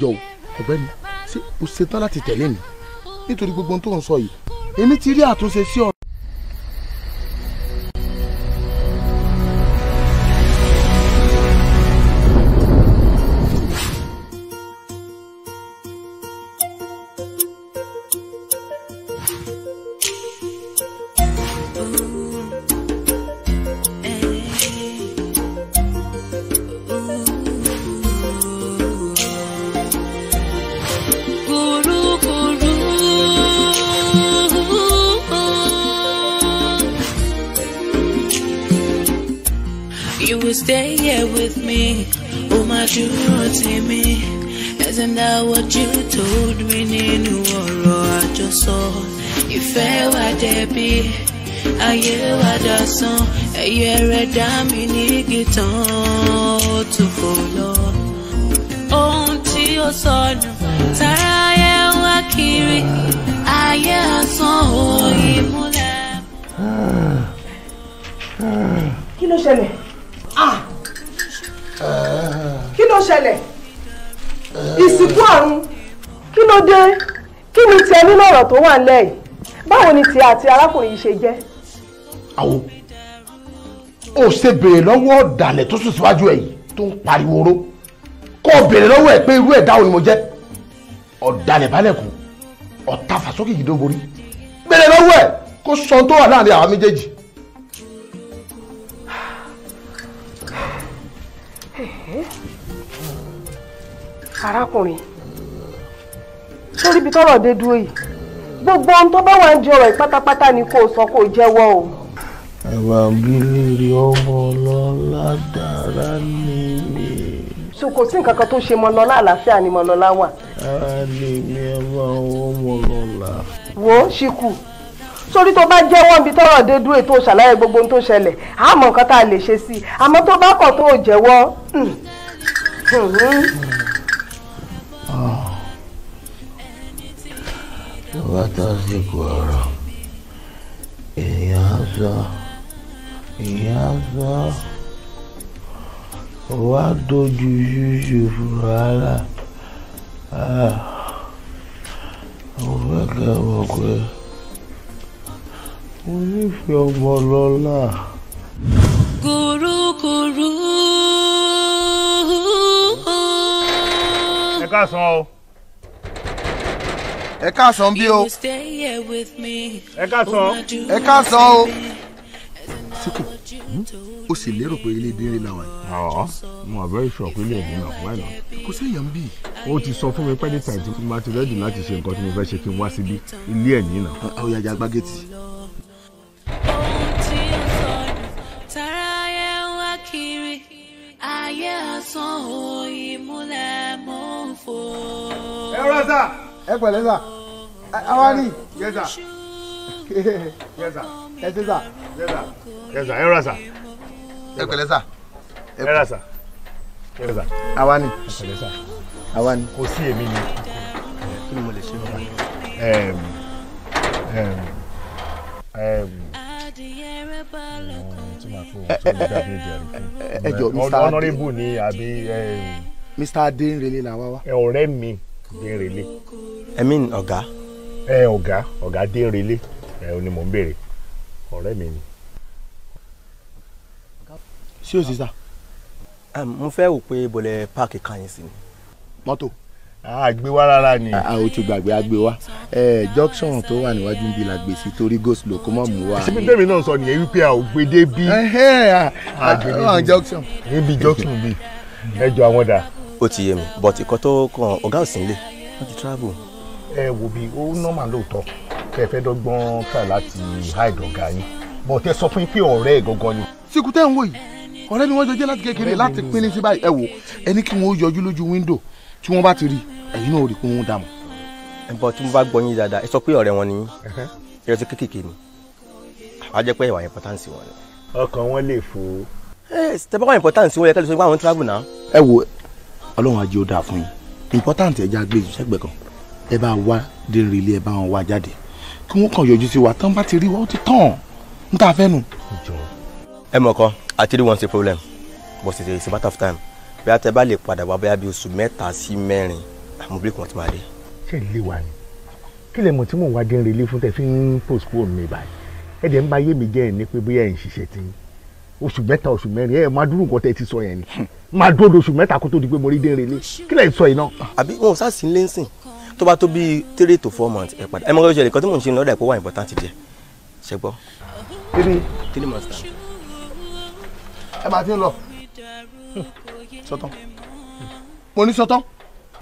jọ ọ̀gbẹ́ni ṣé o ṣetán láti tẹ̀lé mi nítorí gbogbo ohun tó ń sọ yìí èmi ti rí àtúnṣe sí ọ. wà ńlẹ̀ yìí báwo ni ti àti arákùnrin yìí ṣe jẹ́. àwo ò ṣe béèrè lọ́wọ́ ọ̀dàlẹ̀ tó sùn síwájú ẹ̀ yìí tó ń pariwo ró kó o béèrè lọ́wọ́ ẹ̀ pé irú ẹ̀dá wo ni mo jẹ́ ọ̀dàlẹ̀ balẹ̀kù ọ̀tá fàsókè yìí dóborí béèrè lọ́wọ́ ẹ̀ kó sọ tó wà láàrin àwa méjèèjì. arákùnrin sórí ibi tọ́rọ̀ dé dúró yìí gbogbo ohun tó bá wà ń di ọ̀rọ̀ ìpátápátá ni kò sọ kò jẹ́wọ́ o. àwàgìlìrì ọmọ ọlọ́lá dára ní so kò sí nǹkan kan tó ṣe Mọ́lọ́lá àlàáfíà ni Mọ́lọ́lá wà. a lè ní ẹ máa wọ́n Mọ́lọ́lá. wo ṣíkù sórí tó bá jẹ́wọ́ ibi tọ́rọ̀ dé dúró ètò ṣàlàyé gbogbo ohun tó ṣẹlẹ̀ àmọ́ nǹkan tá a lè ṣe sí i àmọ́ tó bá kọ̀ tó jẹ́wọ́ hmm, hmm, hmm. bá tásìkò ọ̀rọ̀ èèyàn á sọ èèyàn á sọ ó wá dojú ṣíṣe fúnra ah, mo fẹ́ kẹ́ ẹ mọ̀ pé mo nífẹ̀ẹ́ ọmọ lọ́la ẹ káàsán bí o ẹ káàsán ẹ káàsán o. síkù hmm? o sì lérò pé ilé délé la wà yìí. ọ̀ mo wà very sure pé ilé ẹ̀dín náà wà náà. kò sẹ́yìn bí. o ti sọ fún mi pẹ́ẹ́lí tàyí tí mo bá ti rẹ́dì láti ṣe nǹkan tí mo fẹ́ ṣe kí n wá síbí ilé ẹ̀dín náà. ó yá ó sọ tara ayé àsán òòyì múlẹ̀ mọ́ fò. ẹ rọ́ọ̀sà ẹ pẹ̀lẹ́ sà awari. yes sà yes sà ẹ ti sà. yes sà yes sà ẹ rà sà. ẹ pẹ̀lẹ́ sà. ẹ rà sà yes sà. awani. ẹ pẹ̀lẹ́ sà. awani. kò sí èmi ni. kí ni mo lè ṣe fún wa. ẹm ẹm ẹm ẹ jọ mr adé honorable ni àbí. mr adé ń relé làwa wa. ọ̀rẹ́ mi dérelé. I mean ọ̀gá. ẹ ọ̀gá ọ̀gá dérelé ẹ ò ní mò ń béèrè ọ̀rẹ́ mi ni. ṣé o sì sá. Um, mo fẹ́ wò pé bọ̀lẹ̀ páàkì kan yín sí ni. mọ́tò. àgbé wa rárá ni. a ò ti gbàgbé àgbé wa junction tó wà níwájú ń bí la gbé sí torí ghost ló kó mọ̀ mú wa. síbi tèmi náà sọ nìyẹn wípé a ò gbé dé bí. àgbé níbi junction. níbi junction bíi ẹjọ àwọn dà ó ti yé mi but ìkan tó kàn ọ̀gá òsín lè wọ́n ti travel. ẹ wo bí ó nọ́mà lóòótọ́ kẹ fẹ́ dọ́gbọ́n kà láti hide ọ̀gá yín but ẹ sọ fún yín pé ọ̀rẹ́ ẹ̀ gangan ni. sìkú tẹ́ ń wò yìí ọ̀rẹ́ ni wọ́n jọ jẹ́ láti kékeré láti pín ní sí báyìí ẹ wò ẹni kí wọ́n yọjú lójú wíńdò tí wọ́n bá ti rí ẹ̀yin náà rí i pé wọ́n dààmú. ẹ bọ tí mo bá gbọ́ yín dáadáa ẹ sọ pé ọ̀rẹ́ wọn ni yín ẹ ti kékèké ni a jẹ́ pé ìwà importance wọn ni. ọkàn wọn lè fò. ẹ tẹ bá wà importance wọn yẹ kẹ́lẹ́ sọ pé àwọn travel náà. ẹ wò ọlọ́run ajé ó dáa fún yín important ẹja gbé yìí sẹ́gbẹ̀ẹ́ kan ẹ bá wá dérè ilé ẹ bá wọn wá jáde kí wọ́n kàn yọjú sí wa tán bá ti rí wa ó ti tàn ń tà fẹ́ nu. ẹ mọ̀ kan actually wọ́n ṣe problem but it is a matter of time bí a tẹ bá lè padà wá bóyá bí oṣù mẹ́ta sí mẹ́rin àmọ́ bí kò wọ́n ti máa dé. ṣé ilé wa ni kí lè mọ̀ tí mò ń wá dérè ilé fún tẹ̀ fi ń postpone mi báyìí ẹ̀ dẹ̀ ń bá yé mi jẹ́ ẹ̀ ní pé bóyá ẹ̀ ń ṣiṣẹ́ tí oṣù mẹ́ta oṣù mẹ́rin ẹ máa dúró nǹkan tẹ́ ẹ ti sọ yẹn ni máa dúró oṣù mẹ́ta kó tó di pé mo rí dé relé kí lẹ́yìn sọ yìí náà. àbí wọn ò sá sí ilé ńsìn tó bá tó bí three to four months ẹ padà ẹ mọ ọjọ́ ìṣẹ̀lẹ̀ kan tí mò ń ṣe lọ́dà ẹ̀kọ́ wà important díẹ̀ ṣe gbọ́. three three months time. ẹ bá ti ń lọ sọtán mo ní sọtán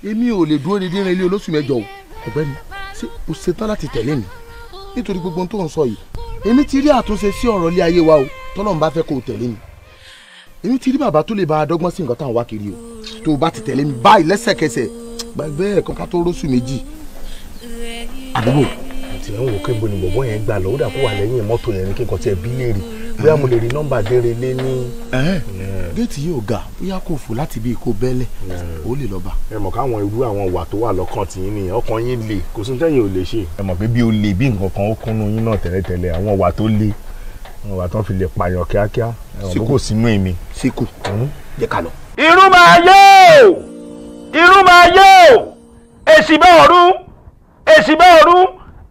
èmi ò lè dúró dédé relé olóṣù mẹ́jọ o ọ̀gbẹ́ni ṣé o ṣetán láti tẹ̀lé mi nítorí gbogbo ohun tó ń sọ yìí èmi ti rí àtúnṣe sí ọ̀rọ̀ ilé tọ́lọ́run bá fẹ́ kó o tẹ̀lé mi èmi ti rí bàbá tó lè bá a dọ́gbọ́n sí nǹkan táwọn wá kiri o tó o bá ti tẹ̀lé mi báyìí lẹ́sẹ̀kẹsẹ̀ gbàgbé ẹ̀kọ́ ká tó róṣù méjì. àdúgbò àti ẹ̀ ń wò kébò ni bọ̀bọ̀ yẹn gbà lọ ó dà kó wà lẹ́yìn mọ́tò yẹn ní kíkan tí ẹ bí léèrè bóyá mo lè rí nọ́mbà dére lé ní. géètì yóò ga bóyá kò fò láti bí kò bẹ́lẹ̀ ó lè lọ́ba. ẹ mọ̀ káwọn irú àwọn ìwà tó wà lọ́kàn tìyín nìyẹn ọkàn yín le kò sí tẹ́yìn ò lè ṣe. ẹ mọ̀ pé bí o lè bí nǹkan kan ó kúnnú yín náà tẹ́lẹ̀tẹ́lẹ̀ àwọn ìwà tó le wọn wà tán fi lè pààyàn kíákíá. síkù sínú èmi. síkù hmm? jẹ́ ká lọ. irú máa yé o irú máa yé o èsì bá ọ̀run èsì bá ọ̀run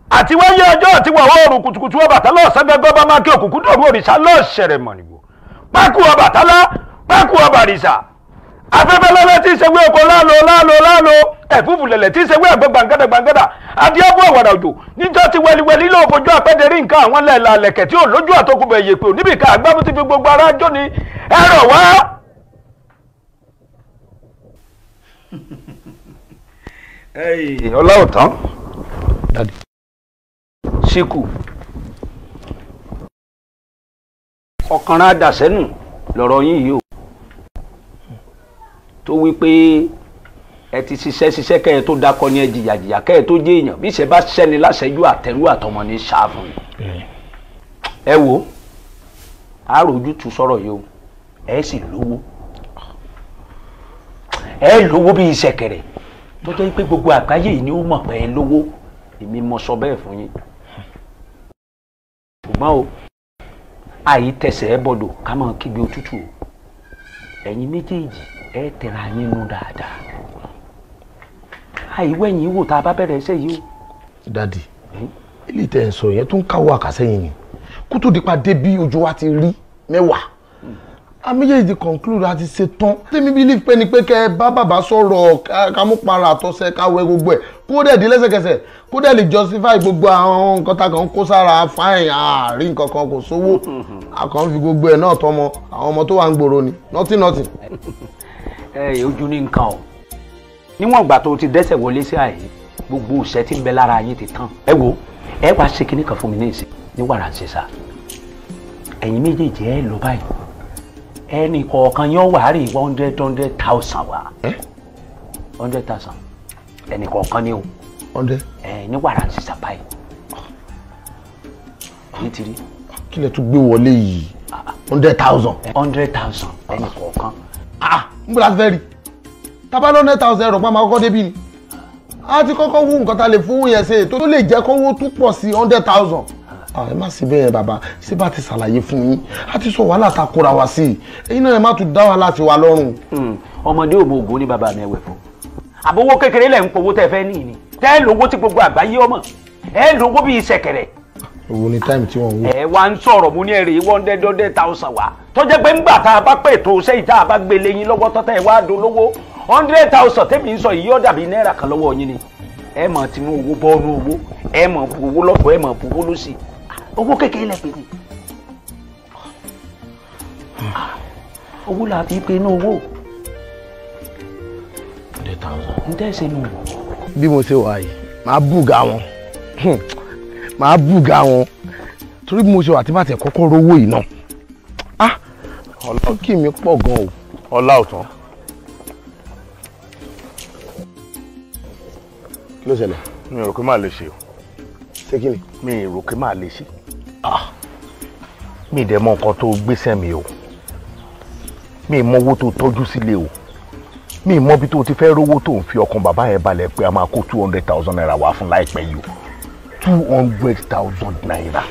àti wáyé ọjọ́ àti wàwọ́ ọ̀run kùtùkùtù Ọbàtálá ọ̀sán gángan bá máa kí òkùnkùn dòru òrìṣà lọ́ọ̀ṣẹ̀rẹ̀ mọ̀nìgbò pákó Ọbàtálá pákó Ọbàrìṣà afẹ́fẹ́ lọ́lẹ́ tí ń ṣe wé oko lálo lálo lálo ẹ̀fúfù lẹ̀lẹ̀ tí ń ṣe wé ẹ̀gbọ́n gbàǹgàdà gbàǹgàdà adíẹ́bù ọ̀wàrà òjò níjọ́ ti wẹliwẹli ló fojú apẹ́dẹ rí nǹkan àwọn lẹ́la ti fi gbogbo ara jó ni ẹ rọ̀ wá. síkù tó wí pé ẹ ti ṣiṣẹ́ ṣiṣẹ́ kẹ́ ẹ tó dakọ ni ẹ jìyà jìyà kẹ́ ẹ tó jẹ́ èèyàn bí ìṣẹ́ bá ṣẹ́ni láṣẹ́jú àtẹ̀rú àtọmọ ní ṣáàfù ni. ẹ wo àròjútu sọ̀rọ̀ yìí o ẹ sì lówó ẹ lówó bí ìṣẹ̀kẹ̀rẹ̀ tó jẹ́ pé gbogbo àgbáyé yìí ni ó mọ̀ pé ẹ lówó èmi mọ sọ bẹ́ẹ̀ fún yín. ṣùgbọ́n o àyè tẹsẹ̀ ẹ bọ̀dọ̀ ká máa kígbe òtútù ẹ̀yin méjèèjì ẹ tẹ̀ra yín nù dáadáa àìwẹ́ yín wò tá a bá bẹ̀rẹ̀ iṣẹ́ yìí o. dadi ilé tẹ̀ ń sọ yẹn tó ń káwọ́ àkàsẹ́yìn ni kó tó dípa dé bí ojú wa ti rí mẹ́wàá a méjèèjì conclude a ti ṣe tán tèmi believe pé ni pé kẹ bá bàbá sọ̀rọ̀ kámúpara àtọ́sẹ́ káwẹ́ gbogbo ẹ̀ kó dẹ̀ di lẹ́sẹ̀kẹsẹ̀ kó dẹ̀ lè justify gbogbo àwọn nǹkan tá a kàn kó sára fáìn àárín kankan kò sówó a kàn fi gbogbo ẹ̀ náà tọmọ àwọn ọmọ tó wà ń gbòòrò ni nothing nothing. ẹ ojú ní nǹkan o níwọ̀n ìgbà tó ti dẹ́sẹ̀ wọlé sí àyè gbogbo ìṣẹ́ tí ń bẹ lára yín ti tán ẹ wo ẹ wá ṣe kinní kan fún mi ní ìsìn ní wàrà ṣèṣà ẹ̀yin méjèèjì ẹ lọ báyìí ẹnì kọ̀ọ̀kan yóò wà á rí one hundred hundred thousand wa hundred thousand ẹnì kọ̀ọ̀kan ni o hundred ẹ ní wàrà ṣèṣà báyìí ní tiri. kí lẹ tún gbé wọlé yìí ah, ah. hundred thousand. hundred thousand ẹnì kọ̀ọ̀kan. Ah! ń gbọ́dọ̀ láti fẹ́ rí tábà lọ nine thousand ẹ̀rọ pàmò àkọ́kọ́ débi ni a ti kọ́kọ́ wú nǹkan ta lè fún yẹn ṣe tó lè jẹ́ kówó tún pọ̀ sí hundred thousand ẹ má sí bẹ́ẹ̀ bàbá ṣé bá ti ṣàlàyé fún yín a ti sọ wàhálà ta kóra wá sí i ẹ̀yin náà ẹ má tún dá wàhálà sí wa lọ́rùn. Hmm, ọmọdé ò mọ ògùn ní bàbá mi ẹwẹ fún àbówó kékeré lẹ ń powó tẹ fẹ́ nìyí tẹ lówó tí gbogbo àgbáyé ọmọ ẹ lówó bíi ṣẹ̀kẹ̀rẹ̀ owó ní táìmù tí wọ́n ń wò. ẹ wá ń sọ̀rọ̀ mo ní ẹ̀rẹ̀ one hundred hundred thousand wá tó jẹ́ pé ńgbà tá a bá pè tó sẹ́yìn tá a bá gbé lẹ́yìn lọ́wọ́ tọ́tẹ́ ẹ wá dolówó hundred thousand tẹ́mi ń sọ yìí yóò dàbí náírà kan lọ́wọ́ yín ni ẹ mọ̀ tinú owó bọ́ọ̀nù owó ẹ mọ̀ bu owó lọ́pọ̀ ẹ mọ̀ bu owó lọ́sì owó kékeré lẹ pè ní. owó la fi pe inú owó. hundred thousand. n tẹ́ ṣe nù. bí mo ṣe wà yìí màá bùgà wọn. màá bùgà wọn torí bí mo ṣe wà tí màá tẹ̀ kọ́kọ́ rówó yìí náà ah ọlọ́run kì mí pọ̀ gan o ọlá ọ̀tán. kí ló ṣẹlẹ̀. mi ò rò pé màá lè ṣe o. ṣé kí ni. mi ò rò pé màá lè ṣe. ah mi ì dẹ̀ mọ nǹkan tó gbéṣẹ́ mi o mi ì mọ owó tó tọ́jú sílé o mi mọ bí tó ti fẹ́ rówó tó ń fi ọkàn bàbá yẹn balẹ̀ pé a máa kó two hundred thousand naira wá fún láìpẹ́ yìí o two hundred thousand naira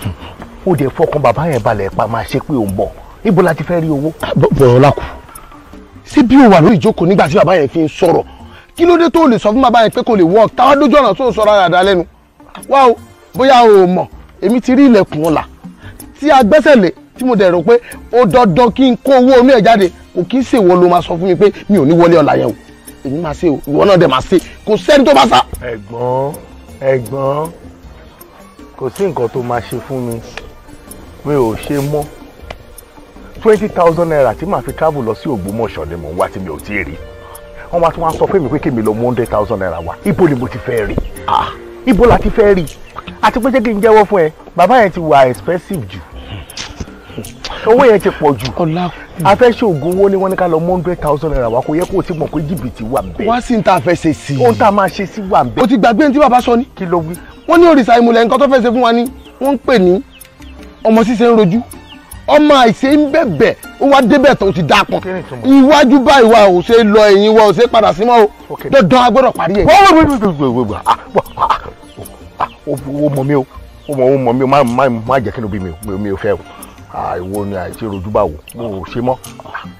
ó dẹ̀ fọkàn bàbá yẹn balẹ̀ pa máa ṣe pé ó ń bọ̀ ibo la ti fẹ́ rí owó. bọ̀rọ̀ la kù ṣé bí o wà lórí ìjókòó nígbà tí bàbá yẹn fi ń sọ̀rọ̀ kí ló dé tó lè sọ fún bàbá yẹn pé kò lè work táwọn dójú ọ̀nà tó ń sọ̀rọ̀ àdá lẹ́nu wá o bóyá o mọ̀ èmi ti rí ilẹ̀kùn ọ̀la tí a gbẹ́sẹ̀ lé tí mo dẹ̀ rò pé ó dandan kí n kó owó omi ẹ̀ jáde kò kí n ṣèwọ ló máa sọ fún mi pé mi ò ní wọlé ọ̀la yẹn o èmi máa ṣe o ìwọ náà dẹ̀ máa ṣe kò sẹ́ni tó bá sá. ẹ̀gbọ́n ẹ̀gbọ́n kò sí nǹkan tó máa ṣe fún mi mi ò ṣe mọ́ twenty thousand naira tí màá fi travel lọ sí Ògbómọ̀ṣọ́ ni mò ń wá tí mi ò tí ì rí wọ́n wá tí wọ́n á sọ fún mi pé kí mi lọ mú hundred thousand naira wá ibo ni mo ti fẹ́ rí ah, ibo la ti fẹ́ rí àti pé jẹ́ kí n jẹ́wọ́ fún ẹ bàbá yẹn ti wà expensive jù owó yẹn ti pọ̀ jù afẹ́ṣe oògùn owó ni wọ́n ní ká lọ mú hundred thousand naira wá kó yẹ kó o ti mọ̀ pé jìbìtì wà bẹ́ẹ̀. wá sí ní ta fẹ́ ṣe sí i. ohun tá a máa ṣe sí wà bẹ́ẹ̀. o ti gbàgbé ní tí bàbá sọ ni. kí ló wí wọ́n ní òrìṣà ìmùlẹ̀ nǹkan tó fẹ́ ṣe fún wa ni wọ́n ń pè ní ọmọ ṣíṣe ń rojú ọmọ àìṣe ń bẹ̀bẹ̀ ó wá débẹ̀ tó ti dà pọ̀ iwájú báyìí wa ò ṣe lọ ẹ̀yìn wa ò ṣe padà sí mọ́ o dandan a gbọ́dọ̀ parí ẹ̀. o mọ̀ mi o mọ̀ mi o má jẹ́ kí n bí mi ò fẹ́ o àìwo ni àìṣe rojú bá wò mo ò ṣe mọ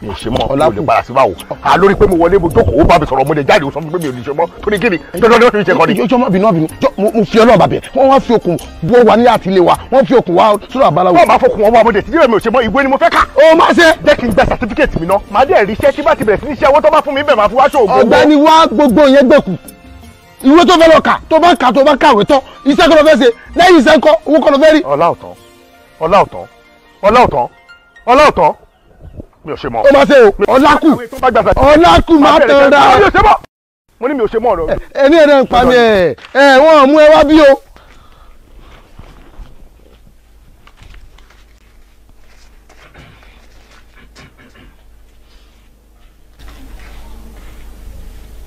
mi ò ṣe mọ mo lè padà sí bá wò à lórí pé mo wọlé mo jókòó ó bá mi sọ̀rọ̀ mo lè jáde ó sọ pé mi ò lè ṣe mọ torí kí ni dandan ni ó fi ṣe kọ́ni. ìjọ má bínú bínú mo fi ọlọ́ọ̀ bàbẹ̀ wọ́n wá fi okùn bó wa ní àtìlẹ̀ wa wọ́n fi okùn wa sọ́dọ̀ àbáláwo. wọ́n máa fọkùn wọn wá mo dé tí díẹ̀ mi ò ṣe mọ ìwé ni mo fẹ́ kà. o máa ṣe. jẹ́ kí n gba sàtífíkẹ́tì mi ná màá ọlọ́ọ̀tàn ọlọ́ọ̀tàn mi ò ṣe mọ́. ó máa ṣe o ọlákù ọlákù máa tẹ̀ ra. mo ní mi ò ṣe mọ́ ọ̀rọ̀. ẹni ẹ̀rẹ̀ ń pa mi ẹ̀ ẹ̀ wọ́n mú ẹ wá bí o.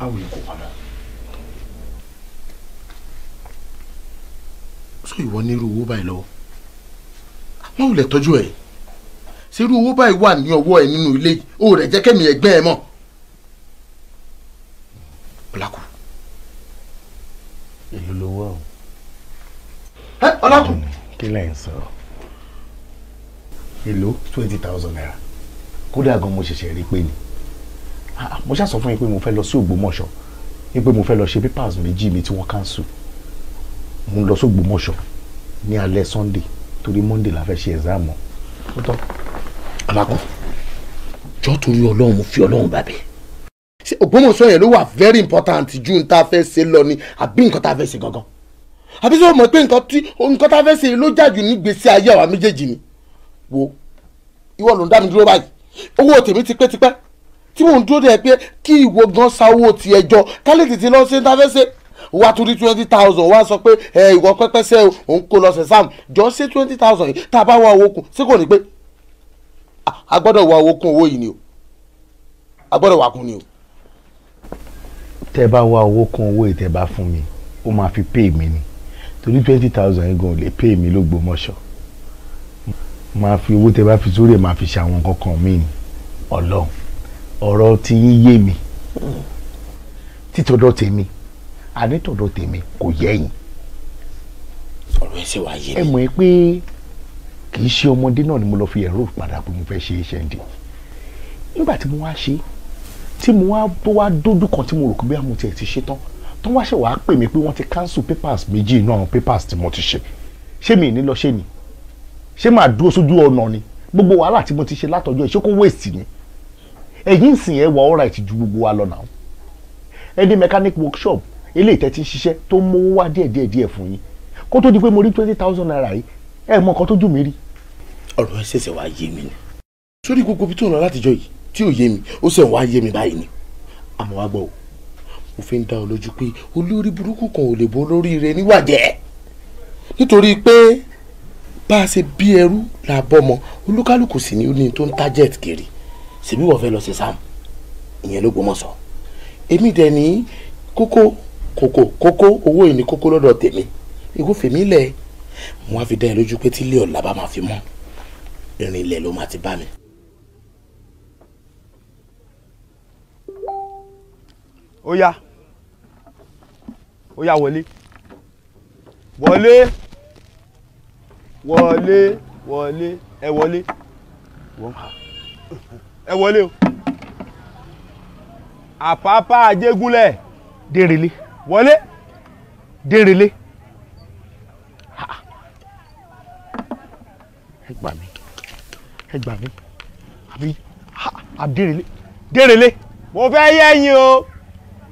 awo yìí kò pamọ́. so ìwọ ní irú owó báyìí lọ́wọ́ wọn ò lè tọ́jú ẹ̀ sírú owó báyìí wà ní ọwọ́ ẹ̀ nínú ilé yìí ó rẹ̀ jẹ́ kẹ́mi ẹ̀gbẹ́ ẹ̀ mọ̀ ọ̀làkù. èlò lówó àwọn. ẹ ọ̀làkù. kí lẹ́yìn sọ èlò twenty thousand naira kódà gan mo ṣẹ̀ṣẹ̀ rí pé ni mo ṣáà sọ fún yín pé mo fẹ́ lọ sí Ògbómọ̀ṣọ́ yín pé mo fẹ́ lọ ṣe papers méjì mi tí wọ́n cancel mo ń lọ sí Ògbómọ̀ṣọ́ ní alẹ́ Sunday torí monday la fẹ́ ṣe exam ó tán. alákùn jọ́ torí ọlọ́run mo fi ọlọ́run bàbẹ́. Ògbómọ̀ṣọ́ yẹn ló wà very important ju n ta fẹ́ ṣe lọ ni àbí nǹkan ta fẹ́ ṣe gangan àbí sọ mọ̀ pé nǹkan tí nǹkan ta fẹ́ ṣe ló jàjù ní gbèsè ayé àwa méjèèjì ni wo ìwọ ló ń dá mi dúró báyìí owó tèmi ti pẹ́ tipẹ́ tí mò ń dúró dẹ̀ pé kí ìwọ gan sa owó tiẹ̀ jọ ká tètè lọ ṣe ń fẹ́ ṣe ó wá tún ní twenty thousand ó wá sọ pé ẹ ìwọ pẹ́pẹ́sẹ́ òun kò lọ sẹ̀sáàmù jọ ṣé twenty thousand yìí tá a bá wá owó kù sí kò ní pé a gbọ́dọ̀ wá owó kún owó yìí ni o a gbọ́dọ̀ wá kún ni o. tẹ́ bá wá owó kún owó yìí tẹ́ bá fún mi ó máa fi pay mi ni torí twenty thousand yìí gan ò lè pay mi l'Ógbómọ̀ṣọ́ máa fi owó tẹ́ bá fi sórí ẹ̀ máa fi ṣàwọn kankan míì ni ọlọ́run ọ̀rọ̀ tí yín yé mi títọ́dọ̀ tèmi anítọ̀dọ̀ tèmi kò yẹ̀yìn. ọ̀rọ̀ ẹ ṣe wá yé mi. ẹ mọ̀ ẹ pé kì í ṣe ọmọdé náà ni mo lọ fi ẹ̀rọ padà pé mo fẹ́ ṣe iṣẹ́ ndì nígbà tí mo wá ṣe tí mo wá tó wá dójú kan tí mo rò pé bí àwọn tiẹ̀ ti ṣe tán tó wá ṣe wàá pè mí pé wọ́n ti cancel papers méjì inú àwọn papers tí mo ti ṣe ṣé mi ní lọ ṣe ni ṣé màá dúró sójú ọ̀nà ni gbogbo wàhálà tí mo ti ṣe látọjọ́ ìṣe kó waste ni ẹ̀yìn ìsìn ẹ̀ wọ ọ̀rà ìtìjú gbogbo wa lọ náà ẹni mechanic workshop eléyìí tẹ́ ti ń ṣiṣẹ́ tó mówó wá díẹ̀ díẹ̀ díẹ̀ fún yín kó tó di pé mo rí twenty thousand naira yìí ẹ mọ nǹkan tó jù mí rí. ọ̀rọ̀ ẹ ṣẹ̀ṣẹ̀ wá yé mi ni sórí gbogbo ibi tó ń lọ látijọ́ yìí tí ò yé mi ó ṣẹ̀ wá yé mi báyìí ni àmọ́ wá gbọ́ o mo fi ń dá ọ lójú pé olórí burúkú kan ò lè bo olórí rẹ níwàjẹ́ nítorí pé bá a ṣe bí ẹrú là bọ́mọ olúkálùkù sì ni ó ní tó ń target kiri ṣèbí wọ́n fẹ́ lọ sí sam ìyẹn ló gbọ́mọ sọ èmi dẹ̀ ní kókó kókó kókó owó yìí ní kókó lọ́dọ̀ tèmi ikú fèmí lẹ̀ mo wá fi dá ẹ lójú pé tí ilé ọ̀la bá máa fi mọ́ ìrìn ilẹ̀ ló máa ti bá mi. ó yá ó yá wọlé wọlé wọlé wọlé ẹ wọlé ẹ wọlé o àpápá àjẹgúnlẹ̀ dérèlé wọlé dérelé. ẹ gbà mí ẹ gbà mí àbí àdérelé dérelé mo fẹ́ yẹ́yìn o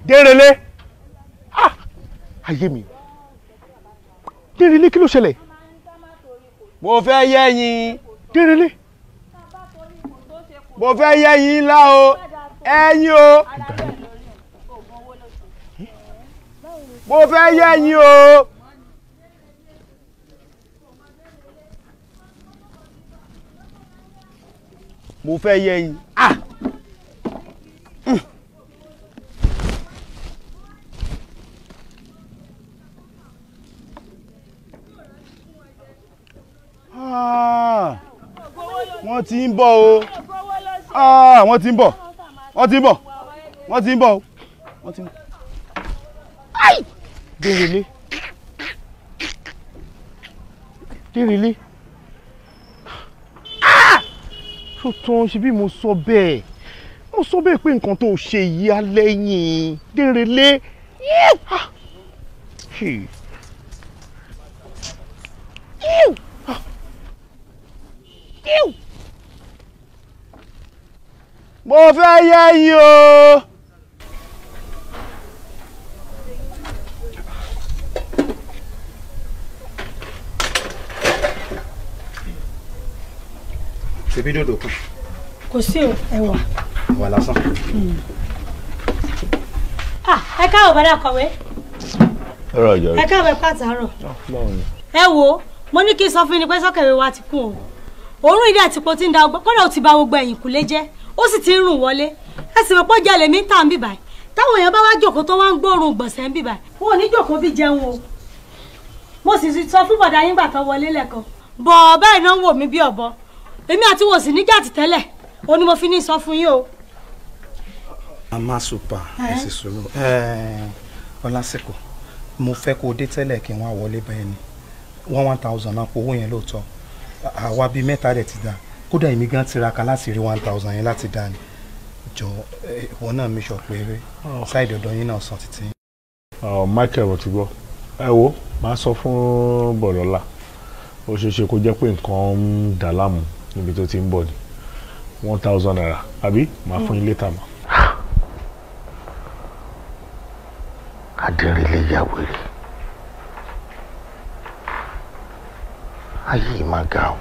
dérelé ayé mi dérelé kí ló ṣẹlẹ̀ mo fẹ́ yẹ́yìn dérelé mo fẹ́ yẹ́yìn ńlá o ẹ̀yìn o. mo fẹ́ yẹ́ yín o. mo fẹ́ yẹ́ yín. Ah! Mm. ah wọ́n ti ń bọ̀ o ah! wọ́n ti ń bọ̀ wọ́n ti ń bọ̀ wọ́n ti ń bọ̀ wọ́n ti ń bọ̀. Ah! dérelé dérelé tó tán ṣe bí mo sọ bẹ́ẹ̀ mo sọ bẹ́ẹ̀ pé nǹkan tó ṣe yìí alẹ́yìn dérelé ah! ah! mo fẹ́ yẹ yín o. bí dòdò kù. kò sí o ẹwà. ẹwà lásán. Hmm. Ah, ẹ káwọ bàdà kọ̀wé. ẹ káwọ ẹ pàtàrọ. Ah, ẹ wo mo ní kí n sọ fún yín pé sọ́kẹ̀wé wa ti kún o òórùn ilé àti ipò tí ń da ọgbọ́n kọ́dà ó ti ba gbogbo ẹ̀yìn kùlé jẹ́ ó sì ti ń rùn wọlé ẹ sì mọ̀ pé ó jẹ́ lèmi ń tà ń bìbà táwọn èèyàn bá wá jòkó tó wá ń gbóòórùn gbọ̀nsẹ̀ ń bìbà wọn ò ní jòkó bí jẹun o mo sì sọ fún bọ̀dá yín gbà tó wọlé lẹ́kọ̀ọ́ bọ̀ bẹ́ẹ̀ náà wò mí bí ọ̀bọ èmi àti wọ́n sì níjà ti tẹ́lẹ̀ o ni mo fi ní sọ fún yín o. màmá super ẹ sì sọ̀rọ̀ ọlásìkò mo fẹ́ kó o dé tẹ́lẹ̀ kí wọ́n wọlé bẹ́ẹ̀ ni one one thousand náà owó yẹn lóòótọ́ àwa bíi mẹ́ta rẹ̀ ti dà kódà èmi gan tiraka láti rí one thousand yẹn láti dà ni jọ ìwọ náà mi sọ pé ṣáìdì ọ̀dọ̀ yín náà sàn títí. Michael ò ti gbọ́ ẹ wo màá sọ fún bọ̀lọ́lá ó ṣeé ṣe kó jẹ́ pé nǹkan ń dà láàmú níbi tó ti ń bọ̀ ni one thousand naira àbí màá fún yín létà mà. adẹ́rìn lè ya wèrè ayé yìí ga o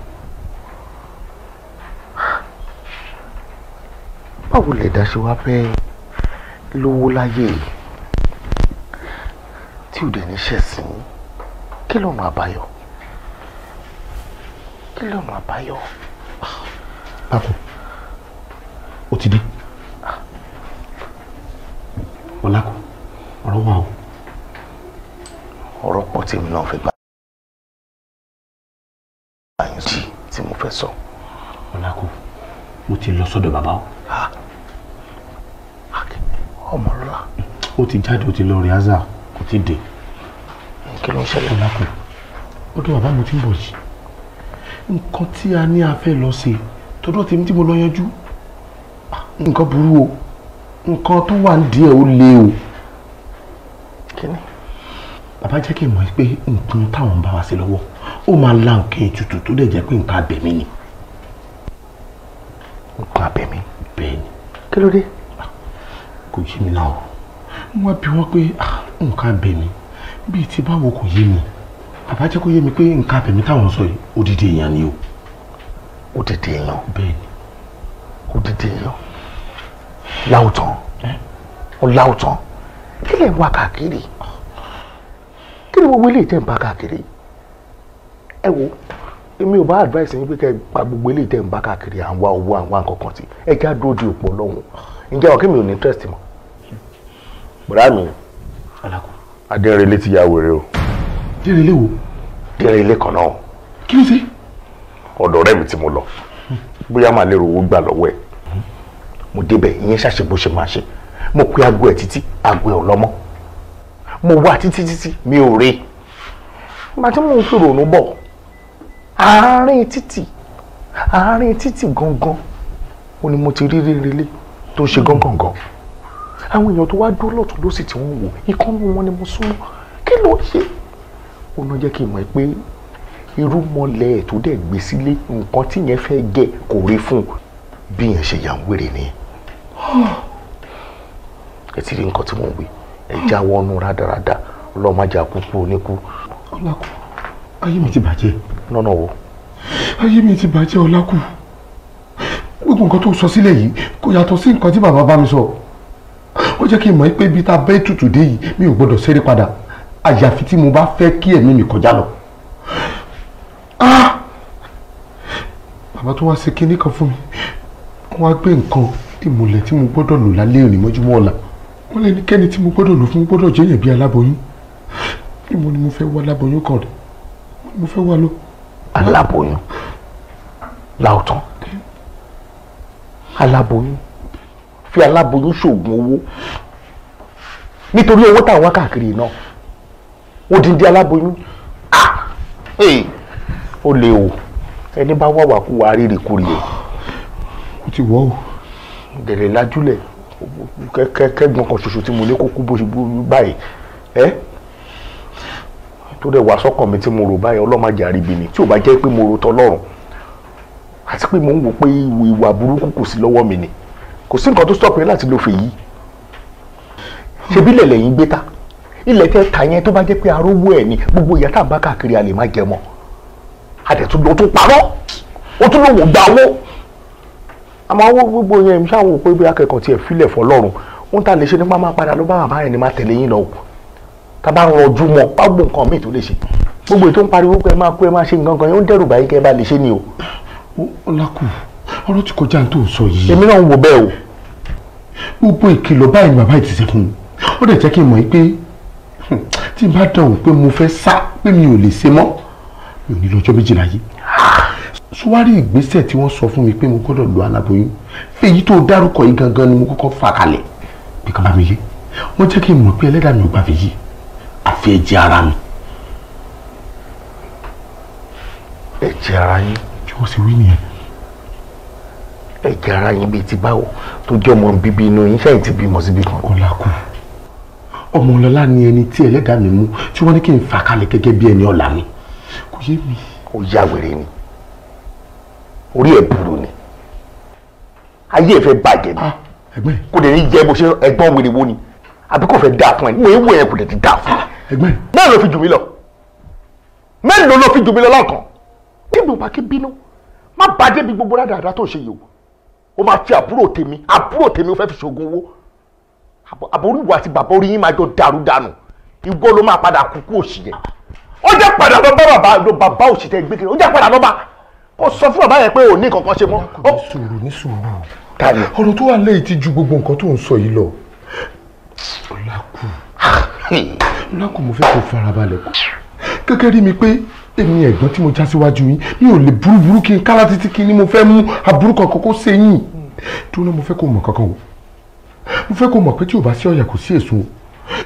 báwo lè dá ṣe wá fẹ́ lówó láyé yìí tí ò dẹ̀ níṣẹ́ sí kí lọ́nà àbáyọ kí lọ́nà àbáyọ. Paco, o ti dé. Ọlákò, ọ̀rọ̀ wà o. Ọ̀rọ̀ pọ̀ tí èmi náà fẹ́ gbà. Àyìn sí tí mo fẹ́ sọ. Ọlákò, mo ti lọ sọ́dọ̀ bàbá o. Ọmọ ọlọ́lá. o ti jáde, o ti lọ rí Azar, kò ti dé. Kí ló ń ṣẹlẹ̀? Ọlákò, ó dún bàbá mo ti ń bọ̀ yìí nǹkan tí a ní a fẹ́ lọ ṣe tọdọ́ tèmi tí mo lọ yanjú ah, nǹkan burú o nǹkan tó wà nídìí ẹ̀ ó le o. kíni. bàbá jẹ́ kí n mọ̀ pé nǹkan táwọn ń bá wa ṣe lọ́wọ́ ó máa la nǹkan ètùtù tó dẹ̀ jẹ́ pé nǹkan abẹ̀mí ni. nǹkan abẹ̀mí. bẹ́ẹ̀ ni. kí ló dé. Ah, kò yé mi náà o wọ́n bí wọ́n pé ah, nǹkan abẹ̀mí bíi ti báwo kò yé mi bàbá jẹ́ kó yé mi pé nǹkan abẹ̀mí táwọn sọ yìí odidi èèyàn ni o. odidi èèyàn. bẹ́ẹ̀ni. odidi èèyàn. láwùtàn. ọ láwùtàn. kí lè wá káàkiri. kí ni gbogbo eléyìí tẹ̀ ń bá káàkiri. ẹ wo èmi ò bá advice yín pé kẹ́ ẹ pa gbogbo eléyìí tẹ̀ ń bá káàkiri à ń wá owó à ń wá nǹkan kan sí ẹ já dúró di òpó lọ́hùn ǹjẹ́ ọ̀kẹ́ mi ò ní interest mọ́. bùrá mi. adẹ́rìn létí ya wèrè o dèrè ilé wo. dèrè ilé kan náà. kí ló dé. ọ̀dọ̀ ọ̀rẹ́ mi tí mo lọ bóyá màá lérò owó gbà lọ́wọ́ ẹ̀ mo débẹ̀ ìyẹn ṣàṣe bó ṣe máa ṣe mo pe aago ẹ̀ títí aago ẹ̀ ọlọ́mọ mo wá títí títí mi ò rí màá tí mo ń fi rònú bọ̀ àárín títì àárín títì gangan ó ní mo ti rí rérelé tó ń ṣe gángangán àwọn èèyàn tó wá dúró lọ́tún lọ́sì tí wọ́n wò ikán mú wọn ni mo súnmọ́ kí ló ń ṣe ó ná jẹ́ kí n mọ̀ pé irú mọ́lẹ̀ ẹ̀ tó dẹ̀ gbé sílé nǹkan tí yẹn fẹ́ gẹ̀ kò rí fún bí yẹn ṣe yà wèrè ni ẹ ti rí nǹkan tí mo wí ẹ já wọnú rádaràda ọlọ́run má jà kúkú oníkú. ọlákù ayé mi ti bàjẹ́. nọ́nà wo. ayé mi ti bàjẹ́ ọlákù gbogbo nǹkan tó sọ sílẹ̀ yìí kò yàtọ̀ sí nǹkan tí bàbá bá mi sọ ó jẹ́ kí n mọ̀ pé ibi tá a bẹ́ẹ̀ tutù dé yìí mi ò gbọ́dọ̀ ṣeré padà àyàfi tí mo bá fẹ́ kí ẹ̀mí mi kọjá lọ. Ah! bàbá tó wá ṣe kinní kan fún mi wọ́n á gbé nǹkan ìmùlẹ̀ tí mo gbọ́dọ̀ lò lálẹ́ òní mọ́júmọ́ ọ̀la wọ́n lé nìkẹ́ni tí mo gbọ́dọ̀ lò fún gbọ́dọ̀ jẹ́yàn bí aláboyún ìmọ̀ ni mo fẹ́ wá aláboyún kan rẹ̀ mo fẹ́ wá lọ. aláboyún láòtán aláboyún fi aláboyún ṣoògùn owó nítorí owó táwọn káàkiri náà odindi aláboyún ah ó lè o ẹni bá wàwà kú wa rírì kúrì o. ó ti wọ́ o. gẹ̀lẹ́ lajúlẹ̀ kẹ́gbọ́n kan ṣoṣo tí mo ní kó kú bó ṣe báyìí ẹ́ tó dẹ̀ wá sọ́kàn mi tí mo rò báyìí ọlọ́mọ àjà àríbi ni tí ò bá jẹ́ pé mo rò tọ́lọ́run àti pé mo ń wò pé ìwà burúkú kò sí lọ́wọ́ mi ni kò sí nǹkan tó stop yẹn láti lo fèyí ṣebí lẹ̀lẹ̀ gbé ta ilẹ̀ tẹ́ ta yẹn tó bá jẹ́ pé arówó ẹ̀ ni gbogbo ìyá tá à ń bá káàkiri a lè má jẹ mọ́ àtẹ̀tún ló tún parọ́ ó tún lòun gba owó àmọ́ owó gbogbo yẹn ṣáà wò pé bí akẹ́kọ̀ọ́ tiẹ̀ filẹ̀ fọlọ́run ń ta lè ṣe nípa máa padà ló bá bàbá yẹn ni máa tẹ̀lé yín lọ o tá a bá rọjú mọ́ bá gbọ́ nǹkan míì tó lè ṣe gbogbo ètò ń pariwo pé ẹ máa kú ẹ máa ṣe nǹkan yẹn ó ń dẹ́rù báyìí kẹ́ ẹ bá lè ṣe ni o. ọlákùn ọ̀rọ̀ ti kọjá tó sọ yìí. èmi náà ń wo bẹ́ẹ̀ o. gbogbo ìkìlọ̀ báyìí ni bàbá yìí Hmm. tí n bá dán òun pé mo fẹ́ sá pé mi ò lè ṣe mọ́ mi ò ní lọ́jọ́ méjìlá yìí sùwárí ìgbésẹ̀ tí wọ́n sọ fún mi pé mo gbọ́dọ̀ lo aláboyún èyí tó dárúkọ yìí gangan ni mo kọ́kọ́ fà kalẹ̀ bí kan bá mi yé wọ́n jẹ́ kí n mọ̀ pé ẹlẹ́dàá mi ò gbà fi yí àfi ẹ̀jẹ̀ ara mi. ẹ̀jẹ̀ ara yín tí wọ́n sì wí nìyẹn. ẹ̀jẹ̀ ara yín bíi ti báwo tó jẹ́ ọmọ bíbí inú yín sẹ́yìn ọmọlọ́lá ni ẹni tí ẹlẹ́dàá mi mú tí wọ́n ní kí n fà kalẹ̀ gẹ́gẹ́ bí ẹni ọ̀la mi kò yé mi. ó yá wèrè ni orí ẹ̀ burú ni ayé ẹ̀ fẹ́ bàjẹ́ ni ah, kò dẹ̀ ní jẹ́ bó ṣe ẹgbọ́n wèrè wo ni àbí kò fẹ́ dáa fún ẹ mo ewu ẹ̀ kò dẹ̀ ti dáa fún ẹ ah, bẹ́ẹ̀ ló fi jù mí lọ mẹ́rin ló fi jù mí lọ lọ́kàn kí ni ò bá kí bínú má bàjẹ́ bí gbogbo rádàrá tó ṣe yìí o ó máa fi àbúrò tèmi àbúrò tèmi ó fẹ́ fi ṣoògùn owó àbórí ìwà àti bàbá orí yín máa jọ dàrú dànù ìwọ ló máa padà kú kú òsì yẹn ó jẹ́ padà lọ bá bàbá lọ bàbá òsì tẹ gbé kiri ó jẹ́ padà lọ bá ó sọ fún bàbá yẹn pé ò ní kankan ṣe mọ́. ní sùúrù ní sùúrù ọ̀rọ̀ tó wà lẹ́yìn ti ju gbogbo nǹkan tó ń sọ yìí lọ. ọlákù hmm. ọlákù mo fẹ́ kó farabalẹ̀ kú kékeré rí mi pé èmi ẹ̀gbọ́n tí mo já síwájú yín mi ò lè burúburú kí n kálá títí kí ni mo fẹ́ mú aburú kankan kó tó náà mo fẹ́ kó mọ̀ kankan o mo fẹ́ kó mọ̀ pé tí ò bá sí ọ̀yà kò sí èso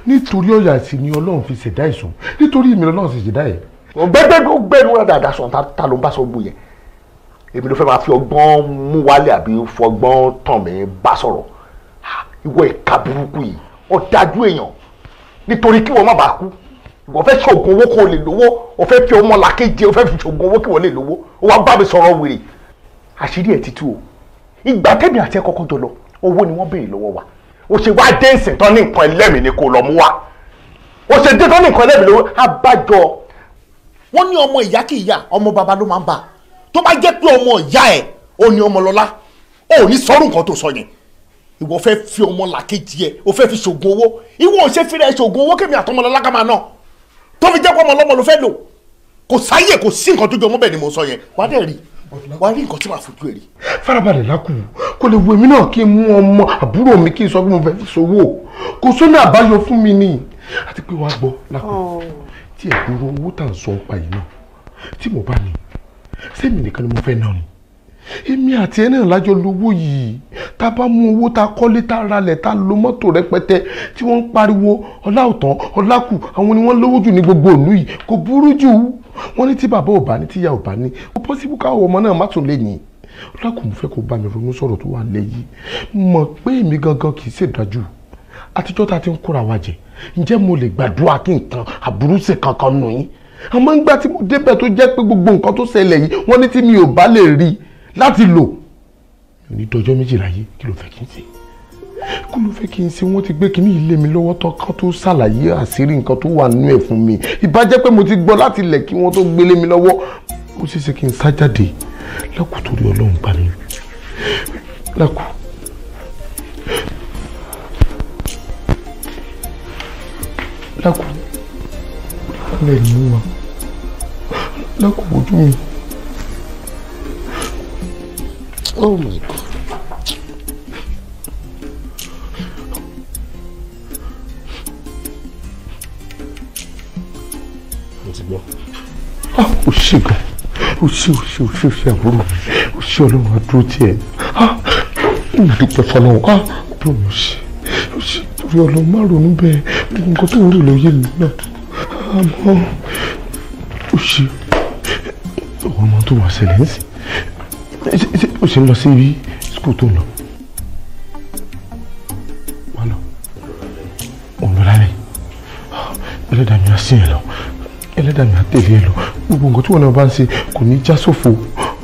nítorí ọ̀yà sì ni ọlọ́run fi ṣẹ̀dá èso nítorí mi lọ́lọ́run sì ṣẹ̀dá ẹ̀. gbẹgbẹ tó gbẹnu rẹ dáadáa sọ ta ló ń bá sọ gbó yẹn èmi ló fẹ́ máa fi ọgbọ́n mú wálé àbí fọgbọ́n tàn mí bá sọ̀rọ̀ ìwọ ìka burúkú yìí ọ̀dájú èèyàn nítorí kí wọ́n má bàa kú ìwọ fẹ́ ṣoògùn owó kó o lè lówó o fẹ́ fi ọmọ làkejì o fẹ́ fi ṣoògùn owó kí wọ́n lè lówó o wá bá mi sọ̀rọ̀ wèrè àṣírí ẹ̀ ti tú o ìgbà tẹ́mi àti ẹ kọ́kọ́ jọ owó ni wọ́n béèrè lọ́wọ́ wa ó ṣe wá dé ìsìn tán ní nǹkan ẹlẹ́mìí ni kò lọ mú wa ó ṣe dé tán ní nǹkan ẹlẹ́mìí lọ́wọ́ abájọ. wọ́n ní ọmọ ìyá kì í yà ọmọ baba ló máa ń bà tó bá jẹ́ pé ọmọ ìyá ẹ̀ ò ní ọmọ lọ́lá ò ní sọ́rùn nǹkan tó sọ yẹn ìwọ fẹ́ fi ọmọ làkejì ẹ̀ o fẹ́ fi ṣògùn owó ìwọ ò ṣe fi rẹ̀ ṣògùn owó kémi àtọmọlọ́lá ká máa ná tó fi jẹ́ pé ọmọ ọlọ́mọ ló fẹ́ lò kò sáyè kò sí nǹkan tó jọ ọmọ bẹ́ẹ̀ ni mo sọ yẹn wá dẹ̀ rí i wàá rí nǹkan tí màá fojú ẹ rí. farabalẹ̀ lákù kò lè wo èmi náà kí n mú ọmọ àbúrò mi kí n sọ bí mo fẹ́ fi ṣòwò kò sọ́nà àbáyọ fún mi ni àti pé wàá gbọ́ lákù oh. tí ẹ̀ dúró owó tà ń sọ ọpa yìí náà tí mo bá ní sẹ́mi nìkan ni mo fẹ́ náà ni èmi àti ẹ náà lájọ lówó yìí tá a bá mú owó tá a kọ́lé tá a ralẹ̀ tá a lo mọ́tò rẹpẹtẹ tí wọ́n ń pariwo ọlá ọ̀tàn ọlá kù àwọn ni wọ́n lówó jù ní gbogbo ìlú yìí kò burú jù wọ́n ní tí bàbá ò bá ní tíyá ò bá ní ó pọ́sibú káwọn ọmọ náà má tún lè yìn ọlákùn mo fẹ́ kó bá mi ronú sọ̀rọ̀ tó wà lẹ́yìn mọ̀ pé èmi gangan kì í ṣèdájú àtijọ́ ta ti ń kóra wa jẹ ǹjẹ́ mo lè gbàdúrà kí nǹkan àbúrú ṣe kankan nù yín àmọ́ ńgbà tí mo débẹ̀ tó jẹ́ pé gbogbo nǹkan tó ṣẹlẹ̀ yìí wọ́n ní tí mi ò bá lè rí láti lò onídọ́jọ́ méjì láyé kí ló fẹ́ kí n ṣe kí ló fẹ́ kí n ṣe wọ́n ti gbé kínní ilé mi lọ́wọ́ tán kán tó ṣàlàyé àṣírí nǹkan tó wà nínú ẹ̀ fún mi ìbàjẹ́ pé mo ti gbọ́ láti ilẹ̀ kí wọ́n tó gbélé mi lọ́wọ́ mo ṣe ṣe kí n sá jáde lákùú torí ọlọ́run gbà mí lákùú. lákùú lẹ́nu wa lákùú ojú mi. Oh my God. ó ah, ṣe gan ó ṣe ó ṣe ó ṣe ó ṣe àbúrò ó ṣe ọlọ́run àdúró tiẹ̀ ó ah, dúpẹ́ fọlọ́run ó bí òun ṣe ó ṣe torí ọlọ́run má ronú bẹ́ẹ̀ gbogbo nǹkan tó ń rò lóye mi náà àmọ́ ó ṣe ọmọ tó wà ṣẹlẹ̀ ń sìn ṣe o ṣe ń lọ sí skul tó ń lọ wọn lọ òun lọ lálẹ́ ẹlẹ́dàá mi á sí ẹ lọ ẹlẹ́dàá mi ẹ lọ gbogbo nǹkan tí wọn bá ń ṣe kò ní já sófo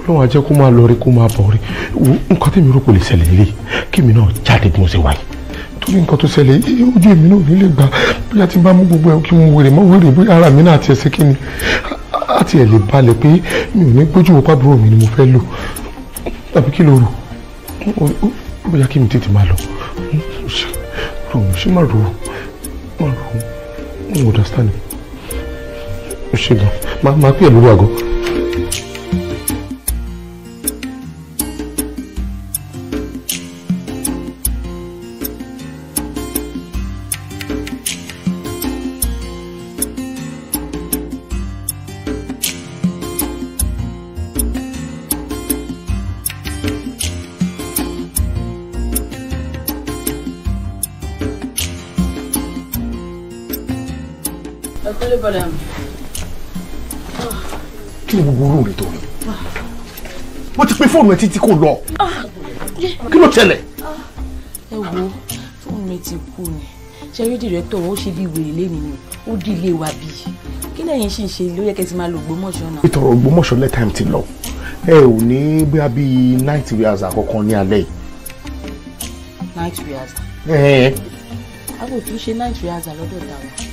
lọ́wọ́ ajẹ́ kó máa lọ rí kó máa bọ̀ rí nǹkan tẹ̀mí rò kò lè ṣẹlẹ̀ lé kí mi náà jáde bí mo ṣe wáyé torí nǹkan tó ṣẹlẹ̀ ojú èmi náà nílé gbà bóyá tí n bá mú gbogbo ẹ̀ kí n wèrè mọ́ wèrè bóyá ara mi náà ti ẹsẹ̀ kí ni àti ẹ̀ lè balẹ̀ pé mi ò ní gbójú wọn pàbúrò mi ni mo fẹ́ lò tàbí kí ló rò bóyá kí mi tètè máa lọ rò mí ṣé má rò ó má rò ó understand ṣe gan máa pè é lórí àgọ́. ẹ kúlẹ̀ bọ̀dà mi. kí ni gbogbo olóore tó ní mo ti pe fóònù ẹ títí kò lọ kí ló tẹlẹ. ẹ wo fóònù ẹ ti kú ni ṣẹ́rí dìrẹ́tọ̀ ó ṣe bí wèrè lé nìyẹn ó dì ilé wa bí kí lẹ́yìn sì ń ṣe ló yẹ kẹ́ ti máa lo Ògbómọ̀ṣọ́ náà. ìtọ̀rọ̀ Ògbómọ̀ṣọ́ lẹ́tàìm ti lọ ẹ ò ní bóyá bíi night wears àkọ́kọ́ ní alẹ́ yìí. night wears. ẹ ẹ. a kò tún ṣe night wears lọ́dọ̀ tàwa.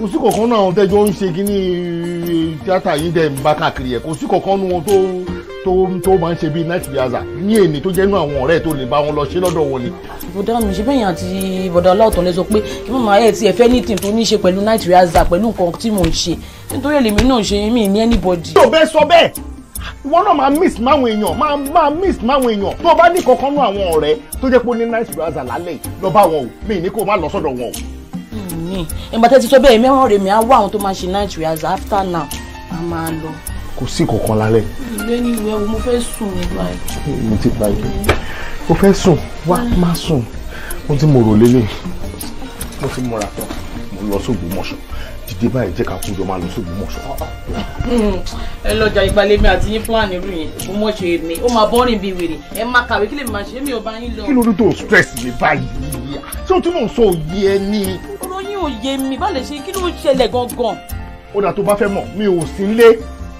kò sí kankan náà àwọn tẹ́jọ́ ń ṣe kínní tíátà yìí dẹ̀ ń bá káàkiri ẹ̀ kò sí kankan nu wọn tó tó máa ń ṣe bíi night rehearsal ní èní tó jẹ́ àwọn ọ̀rẹ́ tó lè bá wọn lọ ṣe lọ́dọ̀ wọn ni. bọ̀dá mi ṣe bẹ́yìn àti bọ̀dá ọlọ́ọ̀tàn lè sọ pé kí màmá ẹ̀ ti ẹ̀fẹ́ ní tìǹtò ní ṣe pẹ̀lú night rehearsal pẹ̀lú nǹkan tí mò ń ṣe nítorí èlèmi náà ṣe mí ní anybody. tó bẹ́ẹ̀ sọ bẹ́ẹ̀ wọn náà máa miss máwọn èèyàn máa máa miss máwọn èèyàn tó bá ní kankan nú àwọn ọ̀rẹ́ tó jẹ́ pé ó ní night rehearsal lálẹ́ lọ bá wọn o mi ní kó má lọ sọ́dọ̀ wọn o ní ìgbà tẹ́tí sọ bẹ́ẹ̀ mẹ́wàá rèmi á wá àwọn tó máa ṣe night rehearsal after now a máa lọ. kò sí kankan lálẹ́. ilé ní ìwé wo mo fẹ́ sùn nígbà yìí. mo ti gba ìgbé mo fẹ́ sùn wá má sùn mo ti mo rò lélẹ̀ mo ti múra tán mo lọ sóògùn mọ̀ṣọ́ dìde báyìí jẹ́ ká kú jọ máa lọ sóògùn mọ̀ṣọ́. Hmm. ẹ lọ́jà ìgbàlẹ̀ mi àti yín fúlàní rú yẹn kò mọ̀ ṣe mi ó máa bọ́rìn bíi wèrè ẹ máa kàwé kí lè máa ṣe mi ò bá yín lọ. kí ló dé tó stress mi báyìí ṣé o tí mò ń sọ òye ẹ ní ọ̀rọ̀ yín mi bá ṣe kí ló ṣẹlẹ̀ gangan. ó dà tó bá fẹ́ mọ̀ mi ò sí nílé